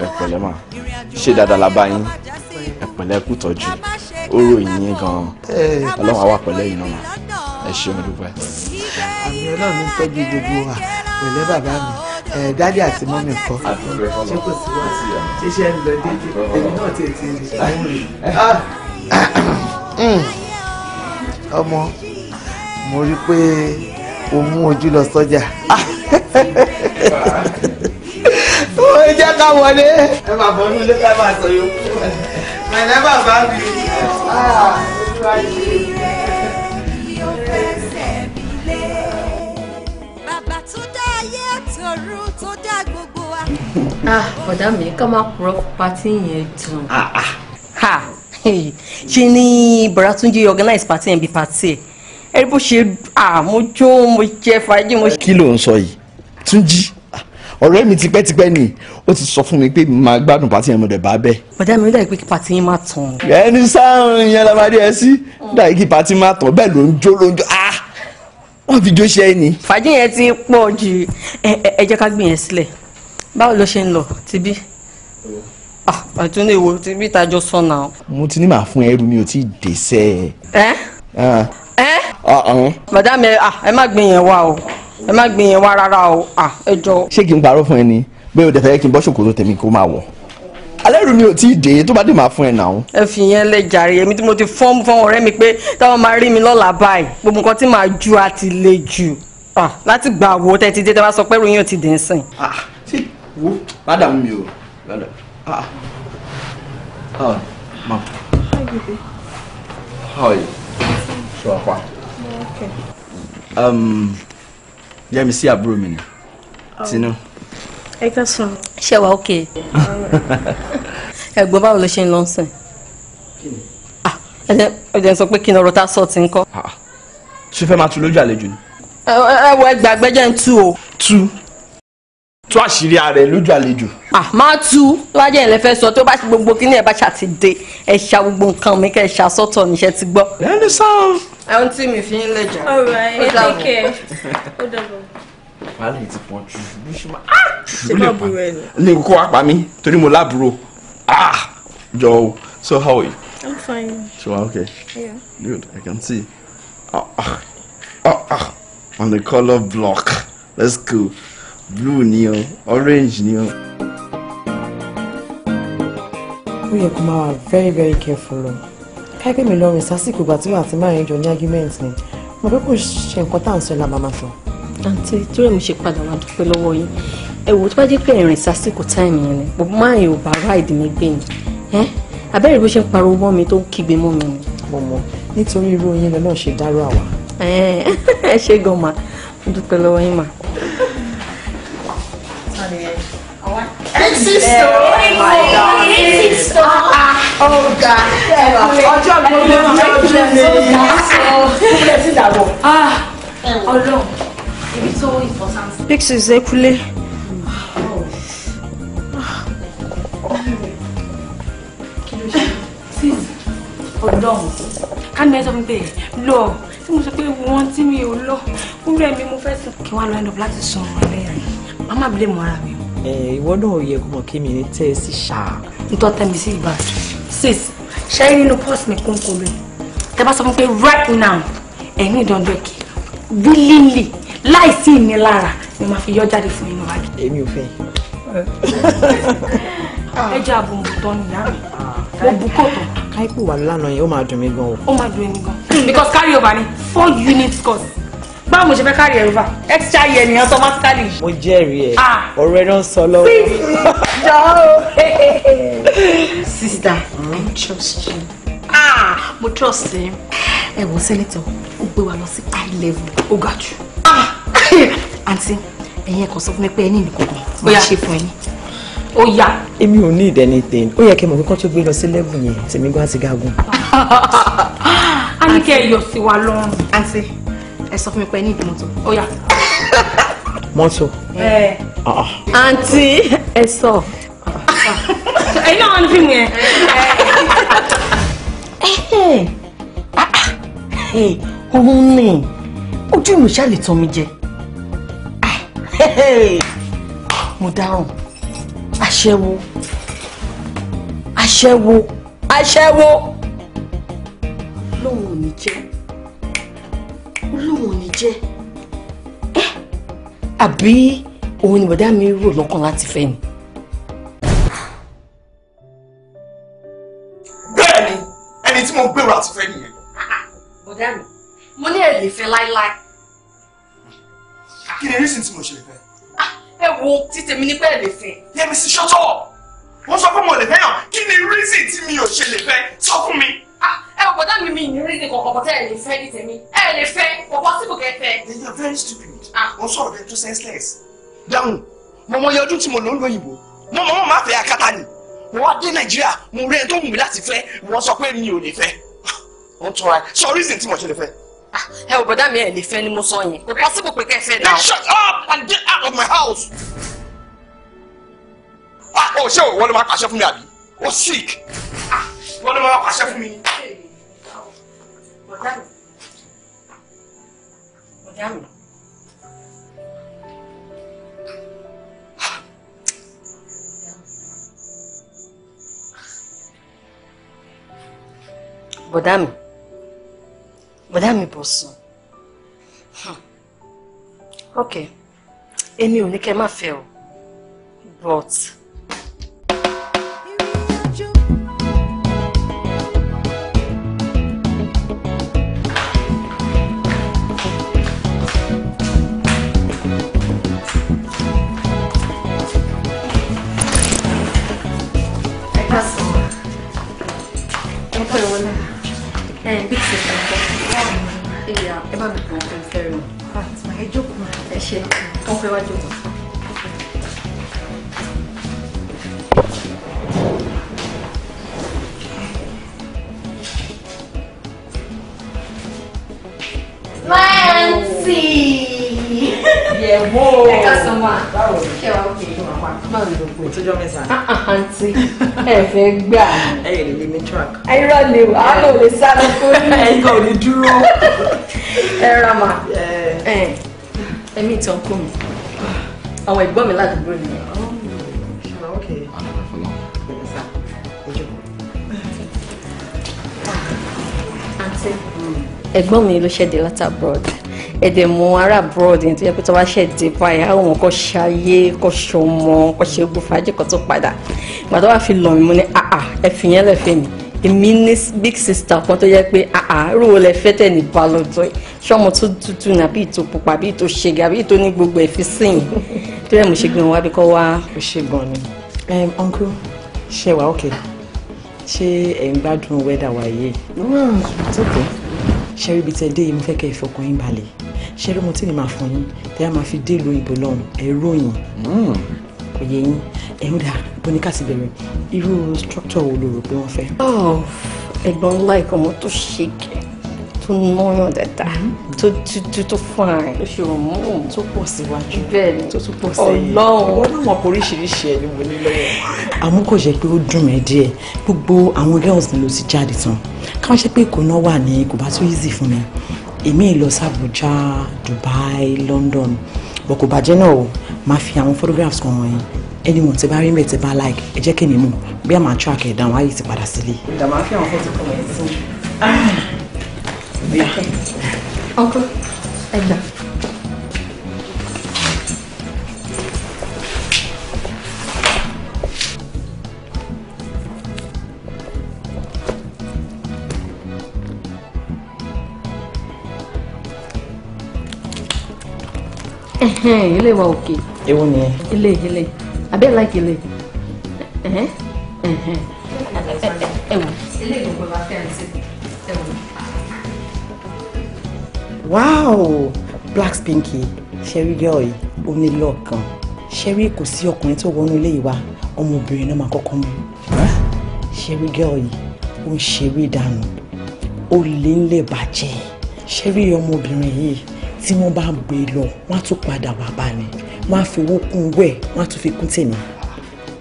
ẹ pẹ̀lẹ́ mà ṣé dáadáa la bá yín ẹ pẹ̀lẹ́ kú tọ́jú ó ròyìn yín gan-an ọlọ́run àwa pẹ̀lẹ́ yìí náà ẹ ṣeun dúpẹ́. àmì ọlọ́run ń tọ́jú gbogbo wa pẹ̀lẹ́ bàbá mi dádì àti mọ́mì kọ́ ṣé kò sí wá ṣé ṣe ń lọ déédéé èmi náà ti ti rí i. Ah! Hmm. ọmọ mo rí i pé o ojú lọ sọ́jà. Ah! ó jẹ́ ká wọlé. ẹ máa bọ̀ nílé ká máa sọ yòókù mẹ̀lẹ́ bàbá mi. bàbá tó dá Ah. àtọ̀rù tó dá gbogbo wa. Ah, ọ̀dà mi ká máa purọ́ pátì yẹn dùn. Ah, ah. ṣe ni Bọ́látúnjí organize party ẹ̀ bí party ẹ̀ ẹ bó ṣe àmójó mo jẹ fàájì mo. kí ló ń sọ yìí Túnjí ọ̀rẹ́ mi tipẹ́tipẹ́ ni ó ti sọ fún mi pé màá gbádùn pàtí yẹn mo dẹ̀ bá bẹ́ẹ̀. bọ̀dá mi dàbí pé kí pàtí yẹn máa tàn. ẹni sáàrùn yẹn la máa rí ẹ sí dàbí kí pàtí máa tàn bẹ́ẹ̀ ló ń jó ló ń jó ah wọ́n fi jó ṣe é ni. fàájì yẹn ti pọ̀ jù ẹ jẹ́ ká gbìn yẹn sílẹ̀ báwo ló ṣe ń lọ tibí ah, àtúndé wo tibí ìtajọ sọnà. mo ti ní màá fún ẹrú mi ò tí ì dé sẹ́ẹ̀. ẹ ah. ẹ. Ah, bọ̀dá mi ẹ má gbìn yẹn o ẹ má gbìyànjú wa rárá o ẹ jọ. ṣé kí n parọ́ fún ẹ ni bẹ́ẹ̀ o dẹ̀ fẹ́ kí n bọ́ ṣòkòtò tèmi kó máa wọ̀ alẹ́rù mi ò tí ì dé tó bá dé máa fún ẹ náà. ẹ fi yẹn lẹ jàre èmi tí mo ti fọ́n fọ́n ọ̀rẹ́ mi pé táwọn máa rí mi lọ́la báyìí gbogbo nǹkan tí màá ju àti lè jù láti gbà wo tẹ ti dé tẹ bá sọ pé ròyìn ò ti dẹ̀ ń sìn. Um, jẹ́ mi sí àbúrò mi ni oh. tinú. ẹ ká sùn. ṣé wàá òkè. ẹ̀gbọ́n báwo ló ṣe ń lọ sìn. Ah, ẹ̀jẹ̀ ń sọ pé kí ni ọ̀rọ̀ tá a sọ ti ń kọ́. Ah, ah. ṣé fẹ́ máa tu lójú àlejò ni. ẹ wọ ẹgbàá gbẹ́jẹ̀ ń tu o. tu tú àṣírí ara ẹ lójú àlejò. à máa tú lọ́jọ́ ìlẹ̀ fẹ́ sọ tó bá ṣe gbogbo kí ni ẹ bá ṣe àti dé ẹ gbogbo nǹkan mi kẹ́ ẹ sọ́tọ̀ níṣẹ́ ti gbọ́. ẹni sá ẹun tí mi fi ń lè jà. ọ̀rọ̀ ẹ take care ó dọ̀bọ̀. wàhálà yìí ti pọ̀ jù bí ṣe máa. Ah! Ah! ṣe máa burú ẹ ni. ní kókó pa mí torí mo láàbúrò ah jọ o so how are you. I'm fine. so ah, okay. Yeah. good I can see. Ah, ah, ah, ah. on the color block let's go. Cool blue ni o orange ni o. ó yẹ kó máa wà very very careful o káyọ̀pẹ̀ mi lọ́rùn sásìkò ìgbà tí wọ́n àti márùn-ún jọ ní argument ni mo fẹ́ kó ṣe nǹkan tá à ń sọ la màmá sọ. àǹtí tó rẹ̀ mo ṣe padà wá dúpẹ́ lọ́wọ́ yín ẹ wò tó bá jẹ́ pé ẹ̀rìn sásìkò táìmù yẹn ni mo máa yàn bá ráìdì mi gbé yín abẹ́rẹ́ bó ṣe ń pariwo mọ́ mi tó ń kígbe mọ́ mi ni. mo nítorí irú oyin lọ náà ṣe dárò àwa. ẹ ṣe gan ma dúpẹ́ lọ́wọ́ yín mà. exit store. exit store. ọ̀gá ọjọ́ mi ló ń jẹ́ kí n lè yá sọ kílẹ̀ sí ìdàbọ̀. ọlọ́run ibi tó important. pixis ekule. ọlọ́run ká ní ẹ sọ fún mi pé lọ tí mo sọ pé wọ́n tí mi ò lọ kúrò ẹ̀mí mo fẹ́ sùn kí wọ́n á lọ ẹnu láti sùn ọ̀rọ̀ lẹ́yìn màmá mi lè mọ ara mi. Eh, ìwọ náà yẹ kó mọ̀ kí mi ní tẹ́ ẹ sí ṣáà. ìtọ́ tẹ̀mí sí ìgbà six ṣẹ́yìn nínú pọ́ọ̀sì ní kóńkó mi tẹ bá sọ fún pé right now ẹ̀yìn ìdánwẹ́kì willingly láìsí ìnilára ni màá fi yọ jáde fún inú wa. èmi ò fẹ́. ẹ jẹ́ àbùmùtọ́ nìyá mi ah. mo bu kòtò. káyipò wà lánàá yẹn ó máa dùn mí gan o. ó máa dùn mí gan because carry over ni four units cost báwo mo ṣe fẹ́ kárí ẹ̀rù fà ẹ ti ṣáà yẹ ènìyàn automatically. mo jẹ́rìí ẹ̀ ah. ọ̀rọ̀ ẹ̀ náà ń sọ lọ́wọ́. jọ o. sista i trust you. ah mo trust him. ẹ wo senator ó gbé wa lọ sí high level ó ga jù. àǹtí ah. ẹ̀yin ẹ̀kọ́ sọ fún mi pé ẹni nìkan kan mo ṣe fún ẹni ó yá. èmi ò need anything ó yẹ kí n mọ̀ pé kán tó gbé lọ sí level yẹn tèmi gbọ́n àti gágùn. a ní kẹ́ ẹ yọ̀ sí wa lọ́rùn. àǹtí ẹ sọ fún mi pé ẹ ní ìdí mọ́tò ó yá. mọ́tò. Ah, ah. àǹtí ẹ sọ. ẹ̀yin náà wọ́n ní fíìmù yẹn. Ah, òun ni ojú mi ṣáà lè tán mi jẹ mo dáhùn aṣẹ́wó aṣẹ́wó aṣẹ́wó lòun ò ní jẹ́ olóhùn ni jẹ́ ẹ́ eh, àbí òun ni bọ̀dá mi rò lọ́kàn láti fẹ́ ni. bẹ́ẹ̀ni ẹni tí mo gbèrò àti fẹ́ nìyẹn. bọ̀dá mi mo ní ẹ̀ lè fẹ́ láéláé. kí ni reason tí mo ṣe lè fẹ́. Ah, ẹ wo títẹ̀mí ní pé ẹ lè fẹ́. yẹ́mi sí ṣọ́tọ̀ wọ́n sọ pé mo lè fẹ́ yàn kí ni reason tí mi ò ṣe lè fẹ́ sọ fún mi bá bọ̀dá mi mi ìrírí ni kọ̀ọ̀kan bọ̀tẹ́ ẹ̀ lè fẹ́ ní tèmi ẹ̀ lè fẹ́ kọ̀ọ̀kan síbò kẹ́ fẹ́. you very stupid. wọ́n ah. sọ̀rọ̀ bẹ́ẹ̀ tó senseless. dáhùn mo mọ iye ọdún tí mo lò ń lo òyìnbó mo mọ mọ máa fẹ́ akátá ni mo wá dé nàìjíríà mo rí ẹni tó wù mí láti fẹ́ wọ́n sọ pé mi ò lè fẹ́. ó ń tọ́ra sọ reason tí mo ṣe lè fẹ́. Ah, ẹ ò bọ̀dá mi ẹ̀ lè fẹ́ ni mo sọ yẹn kò possible pé kẹ́ fẹ́ náà. shut up and get out of my house. ah o oh, ṣé o wọ́n ló máa pàṣẹ fún mi àbí o sick. ah wọ́n ló máa pàṣẹ fún mi ni ọ̀gá mi ọ̀gá mi. bọ̀dá mi bọ̀dá mi bọ̀ sùn hmm. ok èmi ò ní kẹ́ má fẹ́ o but. bá mi kàn fún ìfẹ́ rẹ̀ ah, ẹ jókòó ẹ ṣe wọ́n fẹ́ wá jókòó. Fancy! yẹ̀wò ẹ̀ka sọ̀mà kẹ́ ọ kì í màmá máa lò pé. ìtọ́jọ́ mẹ́sàn-án. àǹtí ẹ fẹ́ gbà. ẹ yẹ lè mi track. irọ́ ni o àwọn ò lè sáré fún mi. ẹ kò ní dúró. ẹ ra mà. ẹmí ìtàn kù mi àwọn ẹ̀gbọ́n mi ládùúgbò ni. Oh, àǹtí ẹ̀gbọ́n mi ló ṣẹ̀dẹ̀ láti abroad ẹ̀dẹ̀ mú ará abroad ní tó yẹ pé tó bá ṣẹ̀ dé àwọn kò ṣayé kò ṣọmọ kò ṣe gbò fàájì kò tó padà ìgbà tó wà fi lọ mi mo ní àà ẹ yẹn lẹ̀ mi èmi ní big sister kan tó yẹ pé àà rúwo lẹ fẹ́ tẹ̀ ní balọ̀dọ̀ ṣọmọ tó dúdú ní àbí ìtò pupa àbí ìtò ṣègà àbí ìtò ní gbogbo ẹ̀ sìn tó yẹ mo ṣe gbìyànjú wá bí kò wá. ó ṣe gan ni uncle ṣe wa ókè ṣé ẹ̀ ń gbádùn wẹ́dà wa yìí. it's okay ṣẹ́rí bíi tẹ dé yìí mo fẹ́ kẹ́ ìfọkàn yín balẹ̀ ṣẹ́rí mo tí ni màá fún yín tẹ́ a máa fi dé ìlú ìbò lọ́hùn ẹ̀rọ yìí hmm. kò yín ẹ̀hún dà bó ní bẹ̀rẹ̀ irú structure wo lo rò pé wọ́n fẹ́. Oh, ẹ̀gbọ́n láìkọ́ mọ́tò ṣe kẹ́ tó mọ́yàn dáadáa tó dúdú tó fún ara rẹ̀. ó ṣe òun òun tó pọ̀ síwájú. bẹ́ẹ̀ ni tó tún pọ̀ sẹ́yìn. ọlọ́run wọn náà mọ̀ pé oríṣiríṣi ẹ̀ ni mo ní lọ́wọ́. àmọ́ kò jẹ́ pé ó dùn mí díẹ̀ gbogbo àwọn girls ni ló ti jáde tán káwọn ṣe pé ìkóná wà ní kò bá tún easy fún mi èmi lọ sí Àbújá Dubai London bọ̀ kò bàjẹ́ náà o máa fi àwọn photographs kan wọ̀nyí anyone tí bá rí mẹ́ẹ̀ tí bá like ẹ jẹ́ kí ni mú bí a máa track ẹ̀ down wáyé ti padà sílé. ìdààmú àfihàn fún ti kọ̀ ẹ̀ ọkọ ẹgbà. ilé wa òkè. ewu ni. ilé ilé abẹ́ láìkí ilé. ẹ wò. ilé ìgbòho la fẹ́ràn sí. wow black spinky Sherry girl yìí ó ní lọ́ọ̀kan ṣẹ́rí kò sí ọkùnrin tó wọnú ilé ìwà ọmọbìnrin náà máa kọ́kọ́ mú ṣẹ́rí girl yìí ó ń ṣeré dànù ó lè ń lè bàjẹ́ ṣẹ́rí ọmọbìnrin yìí tí wọ́n bá ń gbé e lọ wọ́n á tún padà wà bá ní wọ́n á fi owó kún wẹ̀ wọ́n á tún fi kún tèmi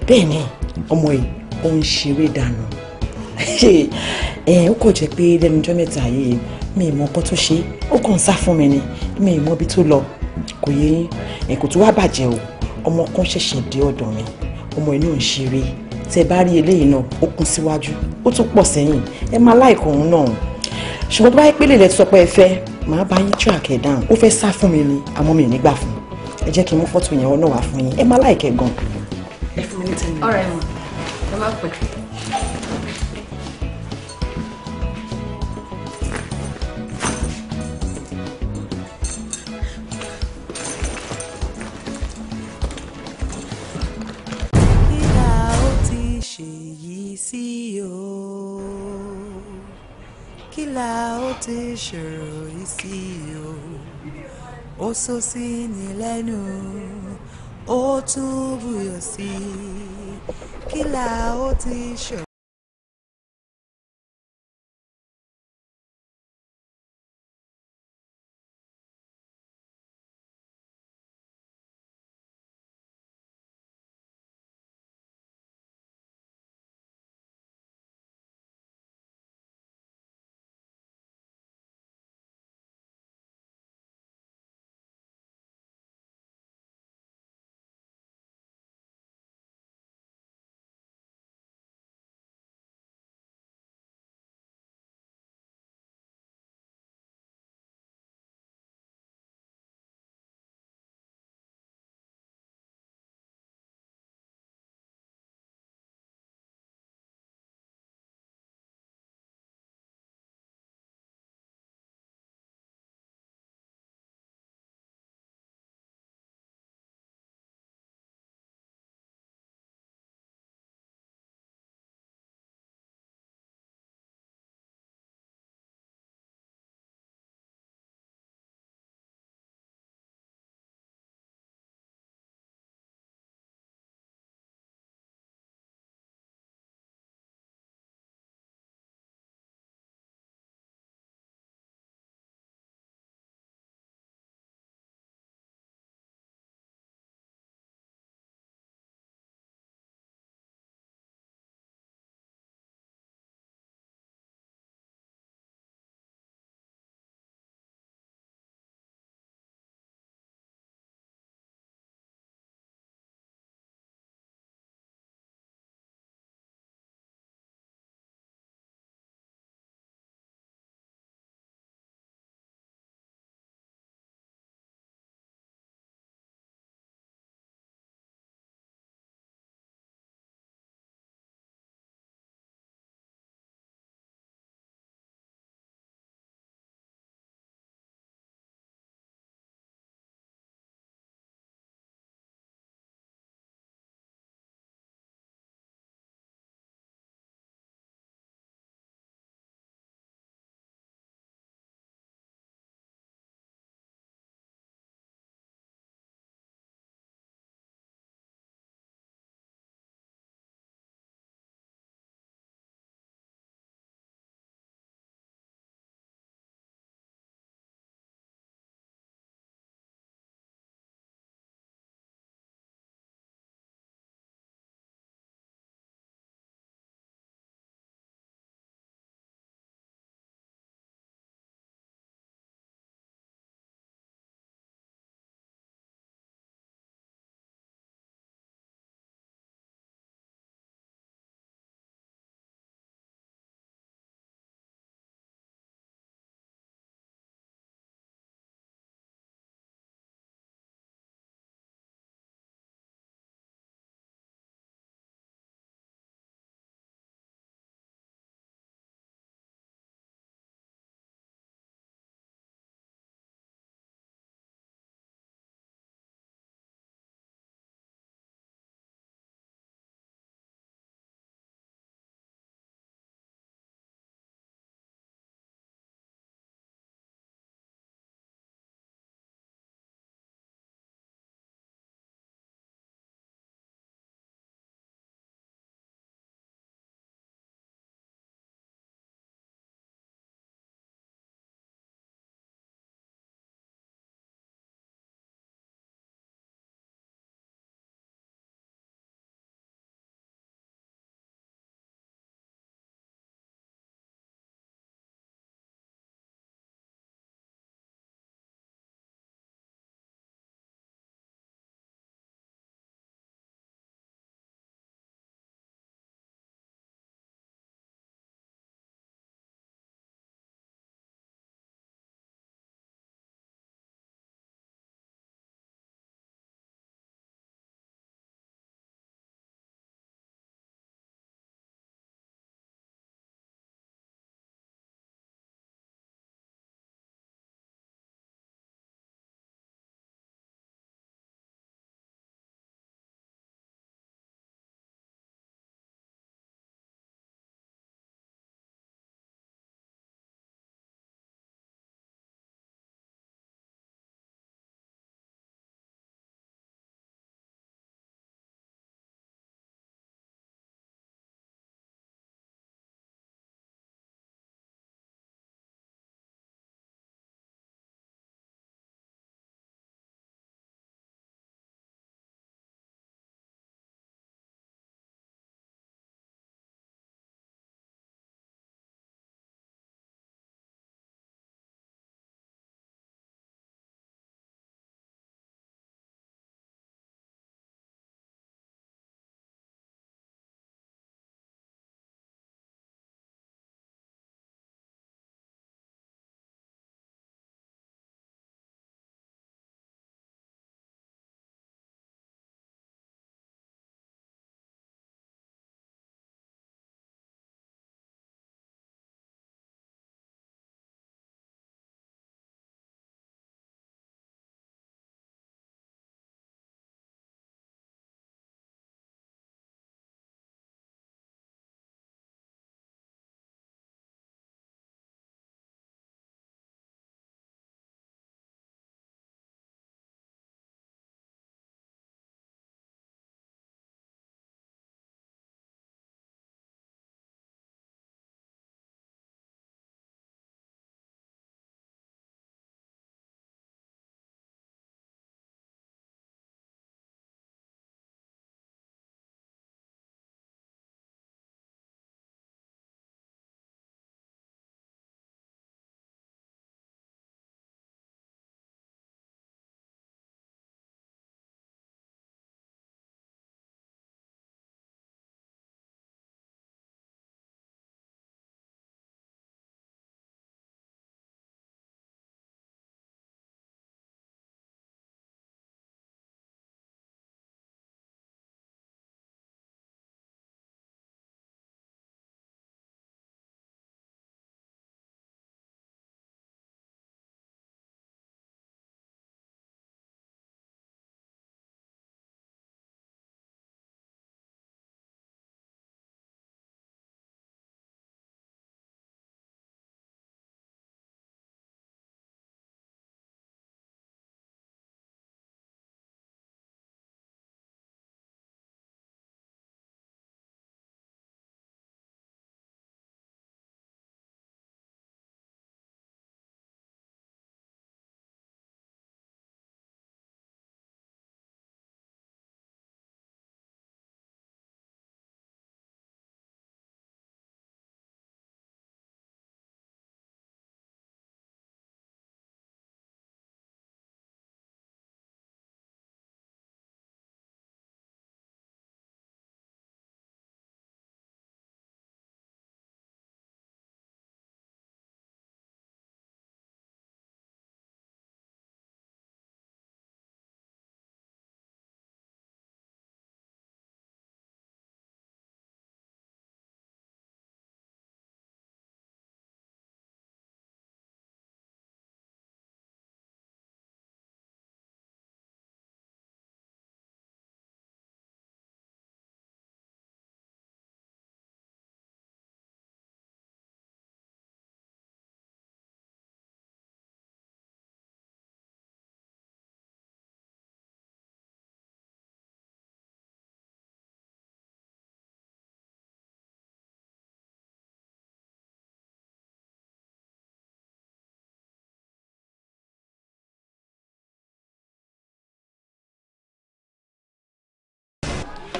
bẹ́ẹ̀ ni ọmọ yìí ó ń ṣeré dànù ẹ̀ ó kò jẹ́ pé lẹ́nu ọjọ́ yìí mi ì mọ nǹkan tó ṣe ó kàn ń sá fún mi ni mi ì mọ ibi tó lọ kò yé yín ẹ kò tó wá bàjẹ́ o ọmọ kan ṣẹ̀ṣẹ̀ dé ọ̀dọ̀ mi ọmọ inú ń ṣeré tẹ bá rí eléyìí náà ó kún síwájú ó tún pọ̀ sẹ́yìn ẹ máa láìkọ̀ òun náà ṣùgbọ́n tó bá yẹ pé lè sọ pé ẹ fẹ́ màá bá yín tíra kẹ̀ dáhùn ó fẹ́ sá fún mi ni àmọ́ mi ò ní gbà fún ẹ jẹ́ kí n mú fọ́tò yẹn ọ náà wá fún yín ẹ máa láìkẹ̀ gan. ẹ fún mi ní tẹ́lẹ̀. ọ̀rẹ́ mi ẹ má pẹ́. là ó ti ṣòro rí sí o ó sọ sí ni lẹ́nu ó tún buyọ̀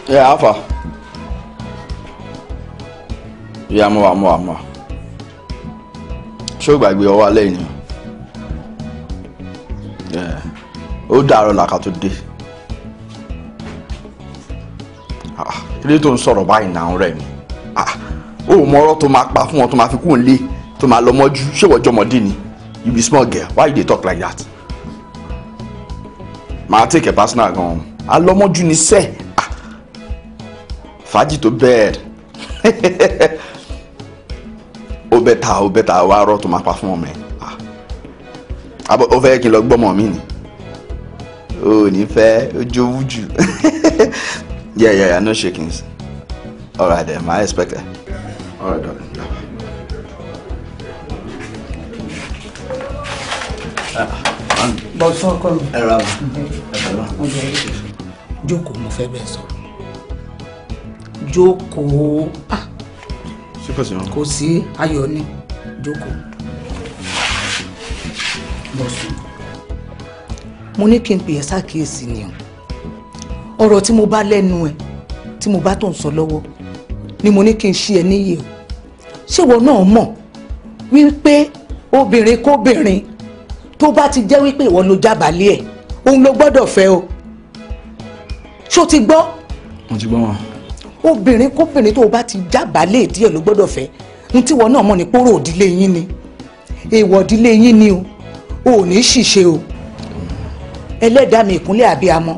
Yeah, how far? Yeah, mo wà, mo wà, mo wà. Ṣé o gbàgbé ọwọ́ alẹ́ yìí ni? Ó dàárọ̀ làkà tó dé. Ah, ilé tó ń sọ̀rọ̀ báyìí náà rẹ̀ mi. Ah, ó mọ ọ̀rọ̀ tó máa pa fún wọn tó máa fi kún un lé tó máa lọ mọ́jú ṣé ìwọ jọmọdé ni? You be small girl, why you dey talk like that? Màá take a personal gan. Alọ́mọ́jú ni sẹ́ẹ̀ fàájì tó bẹ́ẹ̀ ó bẹ́ ta ó bẹ́ ta wá rọ́ tó máa pa fún ọmọ ẹ̀ ó fẹ́ kí n lọ gbọ́mọ mi ni ó ní fẹ́ ó jówú jù yeah yeah yeah no shakings All right, then My expect it right, darling. bọ́sán kọ́ mi. ẹ̀rọ àwọn ẹ̀rọ àwọn. jókòó mo fẹ́ bẹ́ẹ̀ sọ jókòó ah. kò sí ayọ̀ ni jókòó bọ́sùn mo ní kí n pè ẹ́ ṣàkíyèsí ni o ọ̀rọ̀ tí mo bá lẹ́nu ẹ̀ tí mo bá tó ń sọ lọ́wọ́ ni mo ní kí n ṣí ẹ níyì o ṣé ìwọ náà mọ̀ wípé obìnrin kóbìnrin tó bá ti jẹ́ wípé ìwọ ló jábàálẹ̀ ẹ̀ òun ló gbọ́dọ̀ fẹ́ o ṣó ti gbọ́. mo ti gbọ́ wọn obìnrin kóbìnrin tó o bá ti jábàálẹ̀ díẹ̀ ló gbọ́dọ̀ fẹ́ ní tíwọ náà mọ̀ ní pòrò òdílé yín ni èèwọ̀ òdílé yín ni o ò ní ṣìṣe o ẹlẹ́dàá mi ìkúnlẹ̀ àbíamọ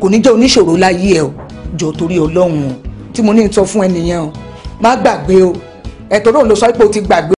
kò ní jẹ́ oníṣòro láyé ẹ o jọ torí ọlọ́run o tí mo ní ń sọ fún ẹnìyẹn o má gbàgbé o ẹ̀tọ́ lóun ló sọ pé o ti gbàgbé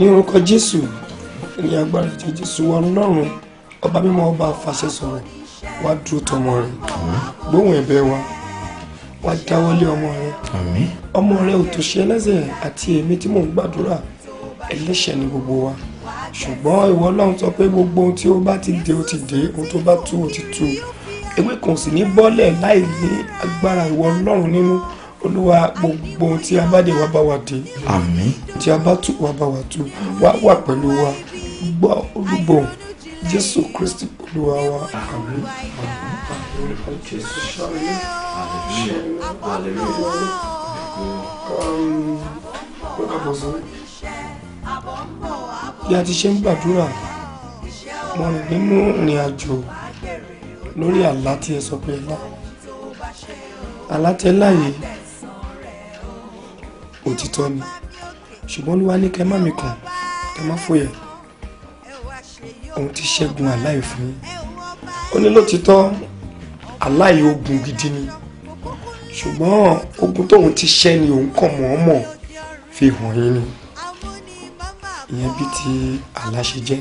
ní orúkọ jésù ní agbára ti jésù wa ọlọ́run ọba mímọ́ ọba àfàṣẹ sọ̀rọ̀ wá dúró tọmọ rẹ gbóhùn ẹ̀bẹ̀ wa wá dáwọ́lé ọmọ rẹ ọmọ rẹ ò tó ṣe ẹlẹ́ṣẹ̀ àti èmi tí mò ń gbàdúrà ẹlẹ́ṣẹ̀ ni gbogbo wa ṣùgbọ́n ìwọ ọlọ́run sọ pé gbogbo ohun tí ó bá ti dé ó ti dé ohun tó bá tú ó ti tú ewé kan sì ní bọ́lẹ̀ láì ní agbára ìwọ ọlọ́run nínú olúwa gbogbo ohun tí a bá dé wá bá wa dé àmín tí a bá tú wá bá wa tú wá wà pẹ̀lú wa gbọ́ olúgbòhùn jésù kristi olúwa wa àmín. bí a ti ṣe ń gbàdúrà mo rìn nínú ìrìn àjò lórí àlá tí ẹ sọ pé ẹ lá àlá tẹ láàyè òtítọ́ ni ṣùgbọ́n olúwa ní kẹ́ má mi kàn kẹ́ má fòyà òun ti ṣẹ́gun aláì fún yín ó ní lótìtọ́ aláì ogun gidi ni ṣùgbọ́n ogun tóun ti ṣẹ́ ni òun kàn mọ̀ọ́mọ̀ fi hàn yín ni ìyẹn bí ti àlá jẹ́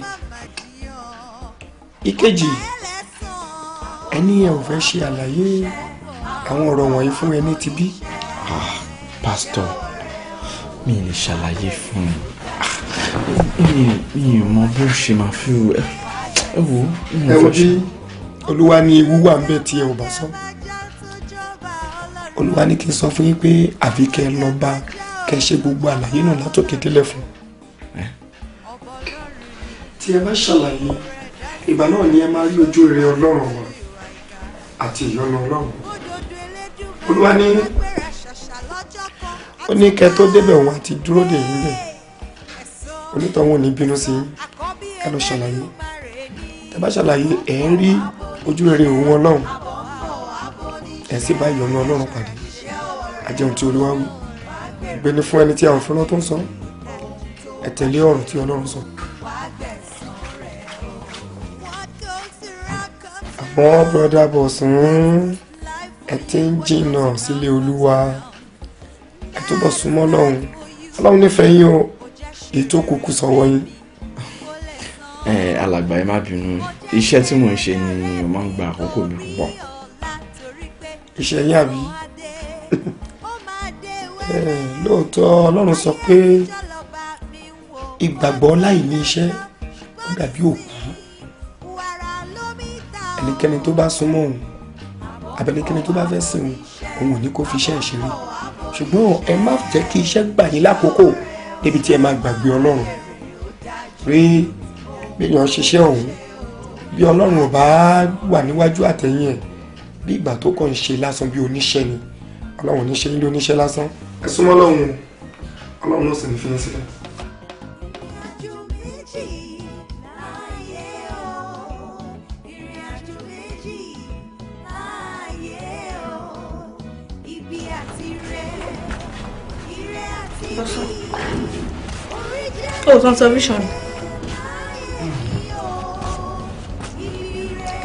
ìkejì ẹni yẹn ò fẹ́ ṣe àlàyé àwọn ọ̀rọ̀ wọ̀nyí fún ẹni tí ah pásítọ̀ mi lè ṣàlàyé fún un ah, mi ò mọ bí ó ṣe máa fi ẹ wo. ẹ wo bí olúwa ní wíwà ń bẹ tí ẹ ò bá sọ olúwa ní kí n sọ fún yín pé àfi kẹ ẹ lọ bá kẹ ṣe gbogbo àlàyé náà látòkè délẹ̀ fún tí ẹ bá ṣàlàyé ìgbà náà ni ẹ máa rí ojú rere ọlọ́run àti ìyọ́nú ọlọ́run olúwa ní ó ní kẹ tó débẹ̀ òun àti dúró dè yín bẹ̀ onítọ̀hún ò ní bínú sí ká lọ ṣàlàyé tẹ bá ṣàlàyé ẹ̀ ń rí ojúrere òun ọlọ́run ẹ̀ sì bá ìyọnu ọlọ́run pàdé àjẹun tí olúwa wí ìgbé ni fún ẹni tí àwọn fúnná tó ń sọ ẹ tẹ̀lé ọ̀rọ̀ tí ọlọ́run sọ. àmọ́ bọ́dà bọ̀sùn ẹ ti ń jìnnà sílé olúwa ẹ túbọ̀ súnmọ́ Ọlọ́run Ọlọ́run nífẹ̀ẹ́ yín o èyí kúkú sọ̀wọ́ yín. ẹ alàgbà ẹ má bínú iṣẹ́ tí mò ń ṣe ni mo máa ń gba àkókò mi púpọ̀. iṣẹ́ yín àbí lóòótọ́ Ọlọ́run sọ pé ìgbàgbọ́ láì ní iṣẹ́ ó dàbí òkú ẹnikẹ́ni tó bá súnmọ́ òun àbẹ̀nikẹ́ni tó bá fẹ́ sìn òun ò ní kó fi iṣẹ́ ìṣeré ṣùgbọ́n ẹ má jẹ́ kí iṣẹ́ gbà yín lákòókò débi tí ẹ máa gbàgbé ọlọ́run rí gbéyàn ṣiṣẹ́ ọ̀hún bí ọlọ́run ò bá wà níwájú àtẹ̀yìn ẹ̀ bí ìgbà tó kàn ń ṣe lásán bí oníṣẹ́ ni ọlọ́run oníṣẹ́ nílé oníṣẹ́ lásán ẹ súnmọ́ ọlọ́run ọlọ́run ó sì ní fi yín sílẹ̀. o conservation.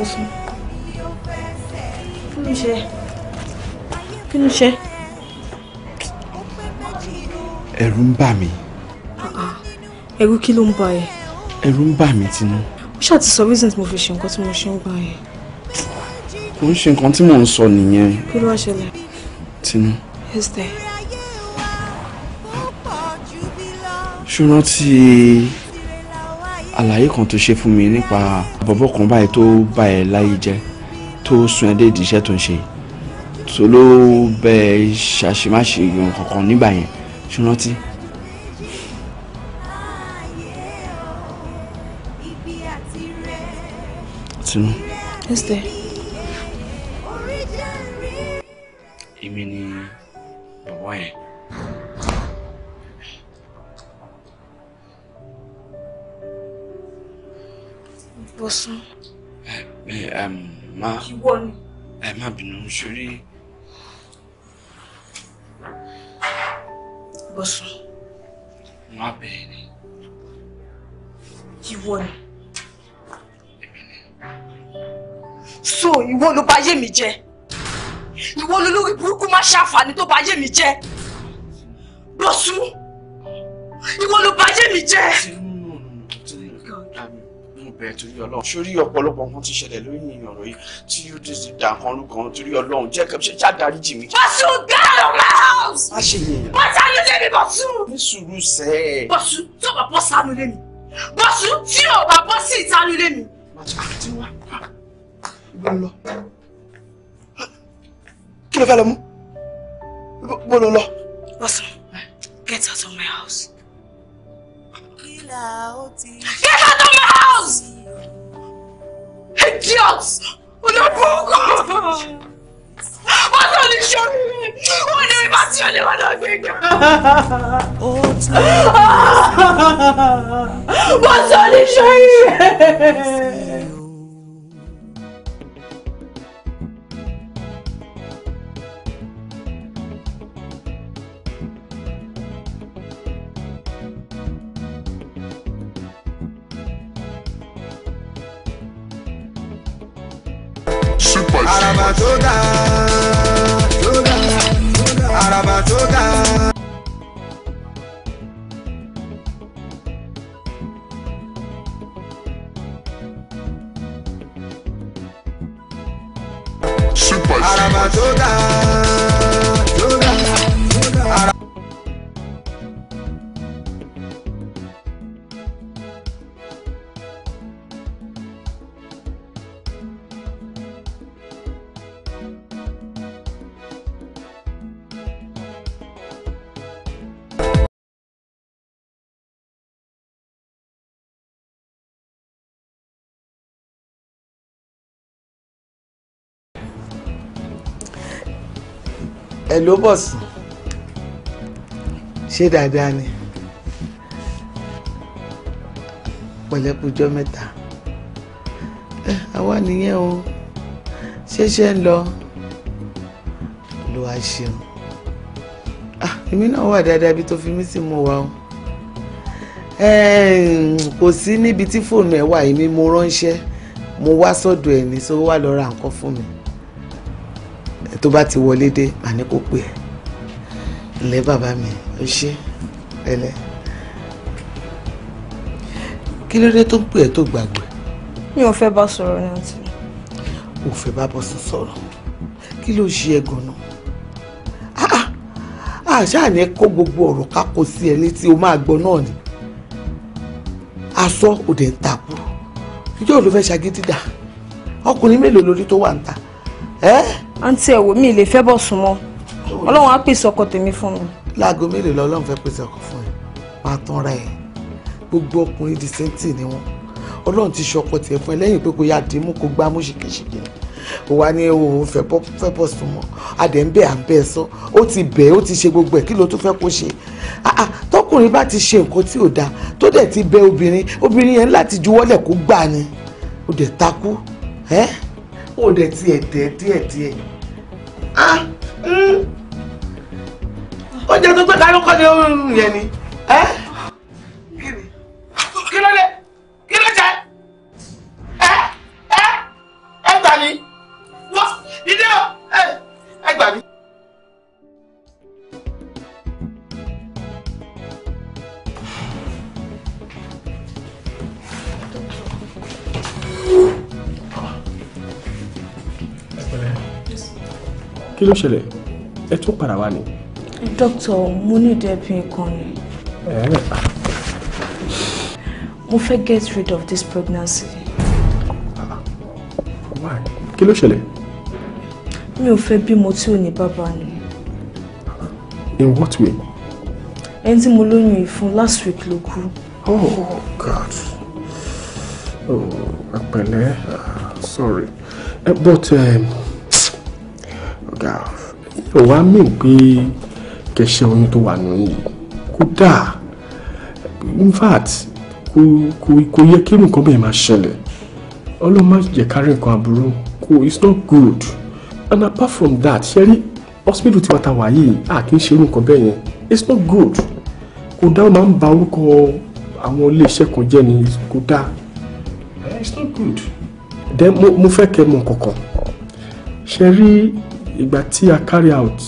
ó fún kí ló ń ṣe kí ló ń ṣe. ẹ̀rù ń bà mí. Ah, ah. ẹ̀rù kí ló ń bà ẹ́. ẹ̀rù ń bà mí tinú. ó ṣàti sọ reason tí mo fi ṣe nǹkan tí mo ṣe ń gbà yẹn. kò ń ṣe nǹkan tí mò ń sọ nìyẹn. kí ló wá ṣẹlẹ̀. tinú. yes there. ṣùgbọ́n tí àlàyé kan tó ṣe fún mi nípa bọ̀bọ̀ kan báyìí tó bá ẹ láyé jẹ́ tó sún ẹ dé ìdíṣẹ́ tó ń ṣe tó ló bẹ ṣàṣemáṣe ìyọ̀n kankan nígbà yẹn ṣùgbọ́n tí. Tinu. Yes, rí. Bọ́sùn. Wọ́n á bẹ̀rẹ̀ ni. Ìwọ ni. Èmi ni. So ìwọ ló bá yé mi jẹ. Ìwọ ló lórí burúkú má ṣàǹfààní tó bá yé mi jẹ. Bọ́sùn. Ìwọ ló bá yé mi jẹ. Bọ́sùn bẹ̀rẹ̀ torí ọlọ́run sórí ọ̀pọ̀lọpọ̀ nǹkan ti ṣẹlẹ̀ lórí ìyìn ọ̀rọ̀ yìí tí yóò ti ti dà kan orúkọ ọ̀run torí ọlọ́run jẹ́ kẹ́ ṣe já darí jì mí. bọ́sù get out of my house. má ṣe yẹn. má sánú lé mi bọ́sù. ní sùúrù sẹ́. bọ́sù tí ò bá bọ́ sánú lé mi bọ́sù tí ò bá bọ́ sí ìtánú lé mi. kí ló fẹ́ lọ mú bó ló lọ. bọ́sù get out of my house. Get out of my house! Idiots! Olóbùkọ́! Wọ́n náà ní sọ́rí mi! Wọ́n ní ibà tí ó ní wọ́n náà gbé ga! Wọ́n náà ní ẹ ló bọ̀ sùn ṣé dáadáa ni pẹ̀lẹ́kùjọ́ mẹ́ta àwa nìyẹn o ṣẹ̀ṣẹ̀ ń lọ ló wá ṣeun èmi náà wà dáadáa ibi tó fi mí sí mo wà o kò sí níbi tí fóònù ẹ̀ wà èmi mo ránṣẹ́ mo wá sọ́dọ̀ ẹ̀ ní sọ wá lọ nǹkan fún mi tó bá ti wọlé dé àní kò pè ẹ́ ilé bàbá mi ó ṣe ẹlẹ́ kí ló dé tó ń pè ẹ́ tó gbàgbé. mi ò fẹ́ bá sọ̀rọ̀ ní àǹtí. ò fẹ́ bá bọ́sùn sọ̀rọ̀ kí ló ṣe ẹ gan-an àṣà ni ẹ kó gbogbo ọ̀rọ̀ ká kó sí ẹ létí o máa gbọ́ náà ni aṣọ òde ń tàkùrù ìjọ́ ló fẹ́ ṣagídí dà ọkùnrin mélòó lórí tó wà ń ta ẹ́. Eh? àǹtí ẹ̀wò mi lè fẹ́ bọ̀ sùn mọ́ ọlọ́run á pèsè ọkọ tèmi fún mi. láago mélòó lọ́lọ́run fẹ́ pèsè ọkọ fún ẹ máa tán ra ẹ gbogbo ọkùnrin di sẹ́ńtì ni wọn ọlọ́run ti ṣe ọkọ tiẹ̀ fún ẹ lẹ́yìn pé kò yá dìímú kò gbá mú ṣìkìṣìkì ni ó wá ní òun fẹ́ bọ̀ sùn mọ́ adẹ̀ ń bẹ̀ à ń bẹ̀ sọ ó ti bẹ̀ ó ti ṣe gbogbo ẹ̀ kí ló tún fẹ́ kó ṣe ah, ah, tọkùnrin bá ti ṣe nǹkan tí ò dáa tó dẹ̀ ti bẹ obìnrin obìnrin yẹn láti juwọ́lẹ̀ kó gbà ni ó dẹ̀ takú eh? ó dẹ̀ tiẹ̀ tẹ̀ díẹ̀díẹ̀ ah hmm. oúnjẹ tó gbé karí kọ́ ni ó ń yẹn ni ẹ́. Eh? ló ṣẹlẹ̀ ẹ tún padà wá ni. dókítà mo ní ìdẹ́bìn kan ni. mo fẹ́ get rid of this pregnancy. kí ló ṣẹlẹ̀. mi ò fẹ́ bímọ tí ò ní bàbá ni. in what way. ẹni tí mo lóyún ìfún last week ló kú. oh god oh apẹ̀lẹ́ uh, ah, sorry uh, but. Um, ọ̀gá ò wá mí pé kẹṣẹ oyún tó wà nínú yìí kódà in fact kò kò kò yẹ kí nǹkan bẹ́ẹ̀ máa ṣẹlẹ̀ ọlọ́run má jẹ́ kárí nǹkan aburú kò it's not good and apart from that ṣẹ́rí hospital tí wàtá wà yìí a kì í ṣe irú nǹkan bẹ́ẹ̀ it's not good kò dá ó máa ń ba orúkọ àwọn iléeṣẹ́ kan jẹ́ ni kò dá eh, it's not good then mo fẹ́ kẹ́ mọ̀ kankan ṣẹ́rí ìgbà tí a carry out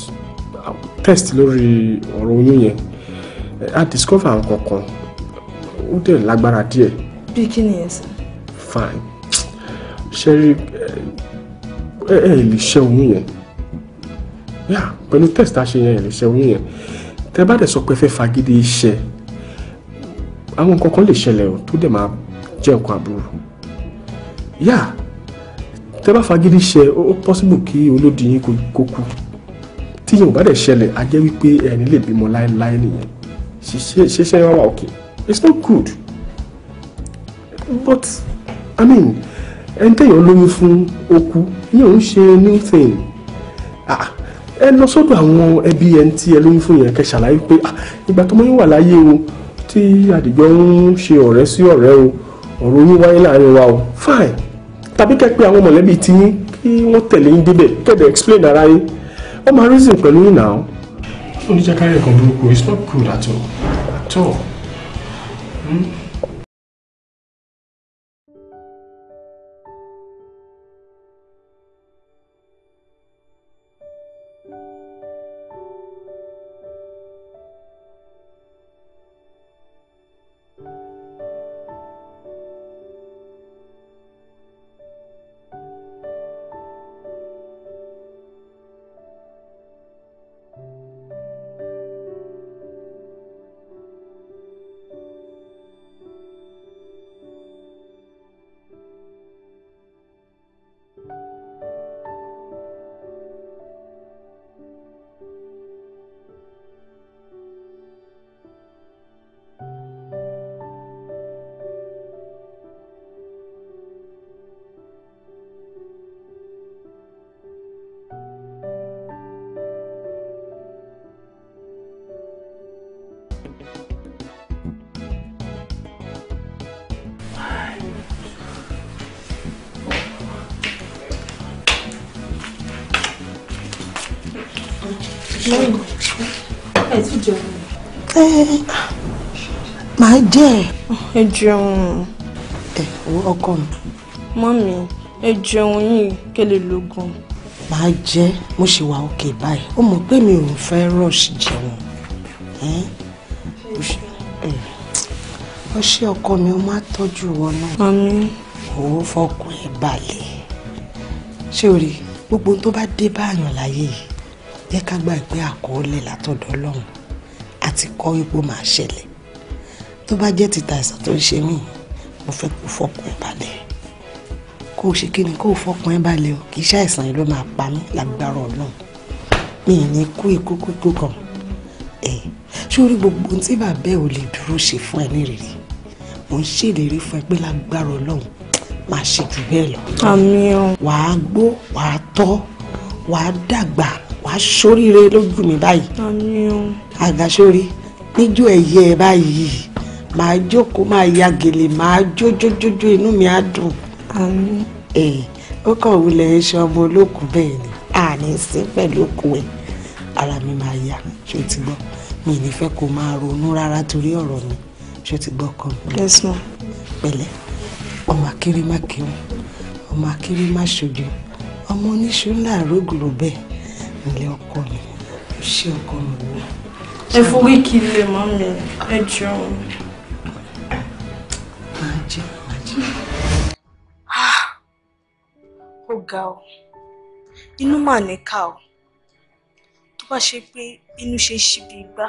uh, test lórí ọ̀rọ̀ oyún yẹn a discover nǹkan kan ó dẹ̀ lágbára díẹ̀. bí kí ni ẹ sọ. fine ṣe rí ẹ ẹ lè ṣe oyún yẹn yà pẹ̀lú test tá a ṣe yẹn ẹ lè ṣe oyún yẹn tẹ bá dẹ̀ sọ pé fẹ́ fagídí iṣẹ́ àwọn nǹkan kan lè ṣẹlẹ̀ o tó dẹ̀ máa jẹ́ nǹkan àbúrò yà. Yeah tẹ́ bá fagídí ṣe ó possible kí olódì yín kó kú tí yẹn ò bá dẹ̀ ṣẹlẹ̀ á jẹ́ wípé ẹni lè bímọ láéláé nìyẹn ṣiṣẹ́ wa wà òkè it's not good but i mean ẹni tẹ̀yàn lóyún fún okú yẹn ò ń ṣe new thing ah ẹ lọ sọ́dọ̀ àwọn ẹbí ẹni tí ẹ lóyún fún yẹn kẹ́ ṣàlàyé pé ah ìgbà tọ́mọ yín wà láyé o tí àdìjọ ń ṣe ọ̀rẹ́ sí ọ̀rẹ́ o ọ̀rọ̀ yín wáyé láàrin wa o fine tàbí kẹ́ pé àwọn mọ̀lẹ́bí ti yín kí wọ́n tẹ̀lé yín débẹ̀ kẹ́dẹ̀ explain ara yín wọ́n máa reason pẹ̀lú yín náà. oníjàkárí ẹ̀kan burúkú it's not good at all at all. Hmm? máa jẹ. ẹ jẹun. ẹ wo ọkọ mi. mọ́mí ẹ jẹun yín kẹ́lẹ́ lógún. máa jẹ mo ṣe wà òkè báyìí ó mọ̀ pé mi ò fẹ́ rush jẹun. ó ṣe ọkọ mi ó máa tọ́jú wọn náà. mọ́mí. òun fọkàn ẹ balẹ̀ ṣé o rí gbogbo tó bá dé báàyàn láyé yìí jẹ́ ká gbàgbé àkọọ́lẹ̀ látọ̀dọ̀ ọlọ́run àti kọ́ ipò máa ṣẹlẹ̀ tó bá jẹ́ títa àìsàn tó ń ṣe mí mo fẹ́ kó fọkàn ẹ balẹ̀ kó o ṣe kí ni kó o fọkàn ẹ balẹ̀ o kì í ṣe àìsàn yìí ló máa pa mí lágbára ọlọ́run mi ì ní kú ikú kúkú kan ẹ sórí gbogbo tí bàbá ò lè dúró ṣe fún ẹ nírìírí mo ń ṣèlérí fún ẹ pé lágbára ọlọ́run máa ṣe jù bẹ́ẹ̀ lọ. àmín o. wàá gbó wàá tọ́ wàá dàgbà wàá ṣoríire lójú mi báyìí. àmín o. àgbà níjó ẹ̀yẹ báyìí màá jókòó màá ya gèlè màá jójójójó inú mi á dùn. àmín. ẹ eh, ó kàn wulẹ̀ ẹ ṣe ọmọ olókùú bẹ́ẹ̀ ni àní sí pẹ̀lú òkú ẹ̀ ara mi máa yá ṣó ti gbọ́ mi ò ní fẹ́ kó máa ronú rárá torí ọ̀rọ̀ mi ṣó ti gbọ́ kan. yes ma. pẹ̀lẹ́ ọmọ akéré má kéwọn ọmọ akéré má ṣojú ọmọ oníṣu ńlá àrógùrò bẹ́ẹ̀ nílé ọkọ mi ṣé ọkọ mi wò. ẹ forí kí ilé mọ́ mi ẹ jẹun. ga ọ inú mà níkà ọ tó bá ṣe pé inú ṣe ṣíbi igbá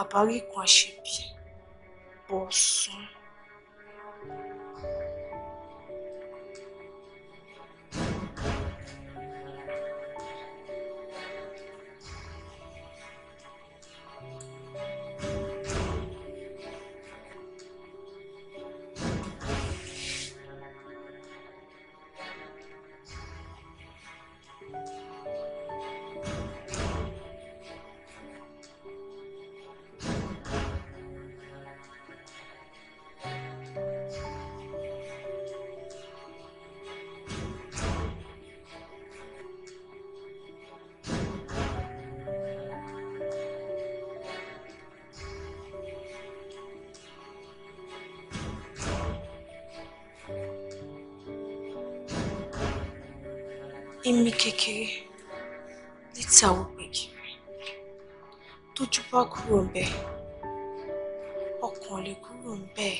àbáríkan àṣebí bọ̀ sùn. ìta òpè tójú bá kúrò ń bẹ ọkàn ò lè kúrò ń bẹ.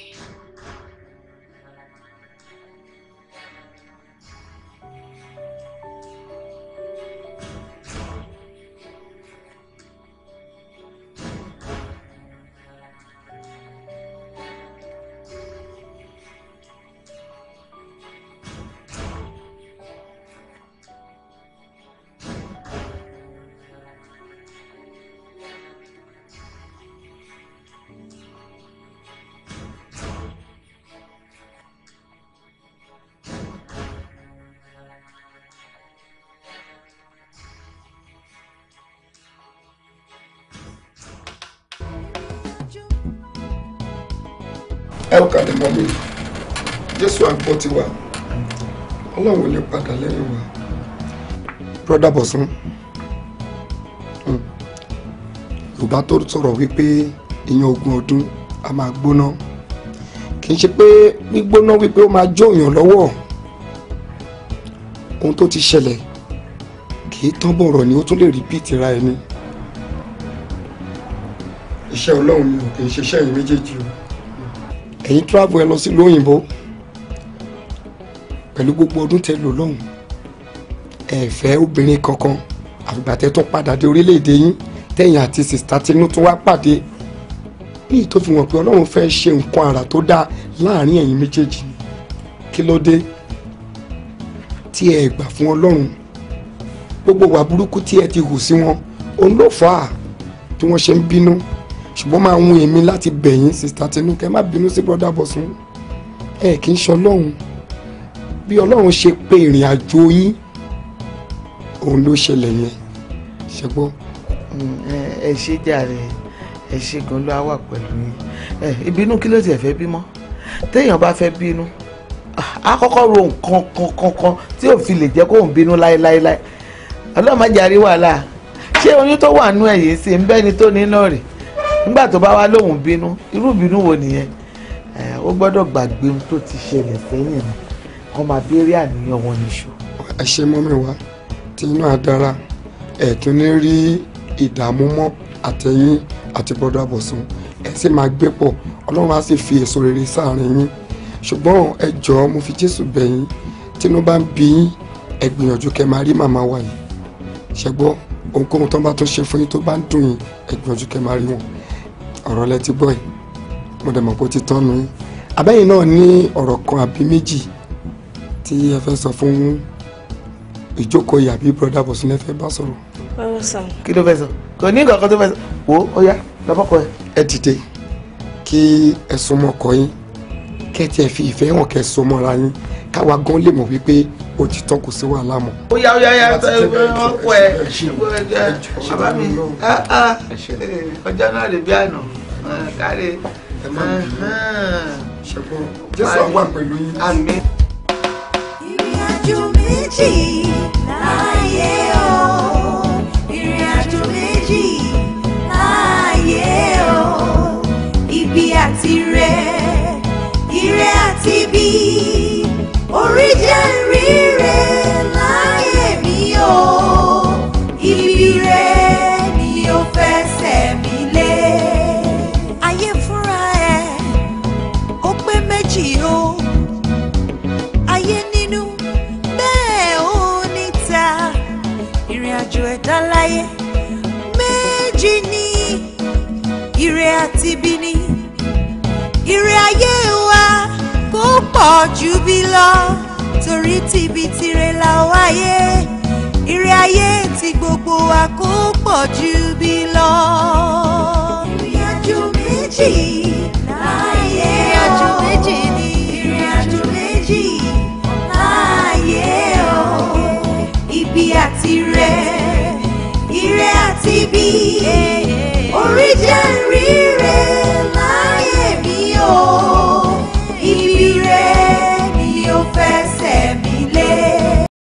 elkan mọ́mí jésù àgbọ̀ ti wà ọlọ́run ò ní padà lẹ́yìn wa. broda Bọ̀sún hmm, yorùbá tó sọ̀rọ̀ wípé ìyẹn ogún ọdún a máa gbóná kì í ṣe pé gbígbóná wípé ó máa jó èèyàn lọ́wọ́ ohun tó ti ṣẹlẹ̀ kì í tán bọ̀rọ̀ ni ó tún lè rìpíìtì ra ẹni iṣẹ́ ọlọ́run ni ò kì í ṣiṣẹ́ yìí méjèèjì o ẹ̀yin travel ẹ lọ sí lóyìnbó pẹ̀lú gbogbo ọdún tẹ lò lọ́hùn ẹ fẹ́ obìnrin kankan àgbà tẹ tún padà dé orílẹ̀-èdè yín tẹ̀yìn àti sista tinú tún wá pàdé ní ìtò fi hàn pé ọlọ́run fẹ́ ṣe nǹkan àrà tó dáa láàrin ẹ̀yin méjèèjì kí ló dé tí ẹ gbà fún ọlọ́run gbogbo wà burúkú tí ẹ ti hù sí wọn òun ló fà á tí wọ́n ṣe ń bínú ṣùgbọ́n máa ń hun èmi láti bẹ̀yìn sista Tinúkẹ́ má bínú sí broda Bọ̀sùn ẹ kì í ṣọlọ́run bí ọlọ́run ṣe pé ìrìn àjò yín òun ló ṣẹlẹ̀ yẹn ṣe gbọ́. Mm, ẹ ṣe jàre ẹ ṣe gan ló wà pẹ̀lú yín ìbínú kí ló tiẹ̀ fẹ́ bímọ téèyàn bá fẹ́ bínú á kọ́kọ́ ro nǹkan kan kan tí ò fi lè jẹ́ kó ń bínú láéláéláé ọlọ́run má jàre ṣé oyún tó wà nú ẹ̀yìn sí ń bẹ́ni tó ní náà nígbà tó bá wá lóhùn bínú irú bínú wo nìyẹn ó gbọ́dọ̀ gbàgbé ohun tó ti ṣẹlẹ̀ sẹ́yìn ni kọ́ máa béèrè àníyàn wọn níṣó. ẹ ṣe tí inú àdára ẹ̀ ní rí ìdààmú mọ́ àtẹ̀yìn àti bọ́dọ̀ àbọ̀sùn ẹ sì máa gbé pọ̀ ọlọ́run á sì fi èso rere sáàrin yín ṣùgbọ́n ẹ mo fi jésù bẹ̀ tínú bá ń bí yín ẹ rí màmá wa yìí ohunkóhun tó bá tún ṣe fún yín tó bá ń dùn yín ẹ gbìyànjú rí wọn ọ̀rọ̀ lẹ ti gbọ́ yìí mo dẹ̀ mọ̀ pé ó ti tọ́nu yín abẹ́yìn náà ní ọ̀rọ̀ kan àbí méjì tí ẹ fẹ́ sọ fún ìjókòó yìí àbí broda bọ̀sùn ẹ fẹ́ bá sọ̀rọ̀. kí ló fẹ́ sọ kò ní nǹkan kan tó fẹ́ sọ wò ó yá lọ́bọ̀kọ ẹ. ẹ dìde kí ẹ súnmọ́ ọkọ yín kẹ́ tiẹ̀ fi ìfẹ́ hàn kẹ́ so mọ́ra yín káwa gan lè mọ̀ wípé ó kò sí wàhálà mọ́. ó yá ó yá yá wọ́n kọ ẹ̀ bàbá mi ah, ah. ọjọ́ náà lè bí àná káre. ẹ má bínú jésù àwọn pẹ̀lú yín. àmín. méjì láàyè o ìrìn méjì láàyè o ibi àti rẹ ire àti bíi orí jẹ́ rírè láyé mi ibi rẹ̀ mi ò mi lé. ayé fúnra ẹ ó pé méjì o ayé nínú bẹ́ẹ̀ ó níta ìrìn ni ire àti ibi ni jù bí lọ torí tìbí tirẹ̀ la wáyé ire ayé tí gbogbo wa kó pọ̀ jù bí lọ. ìrìn àjò méjì láàyè o ìrìn méjì ni ìrìn méjì láàyè o ibi àti rẹ̀ ire àti ibi orí jẹ́ rí.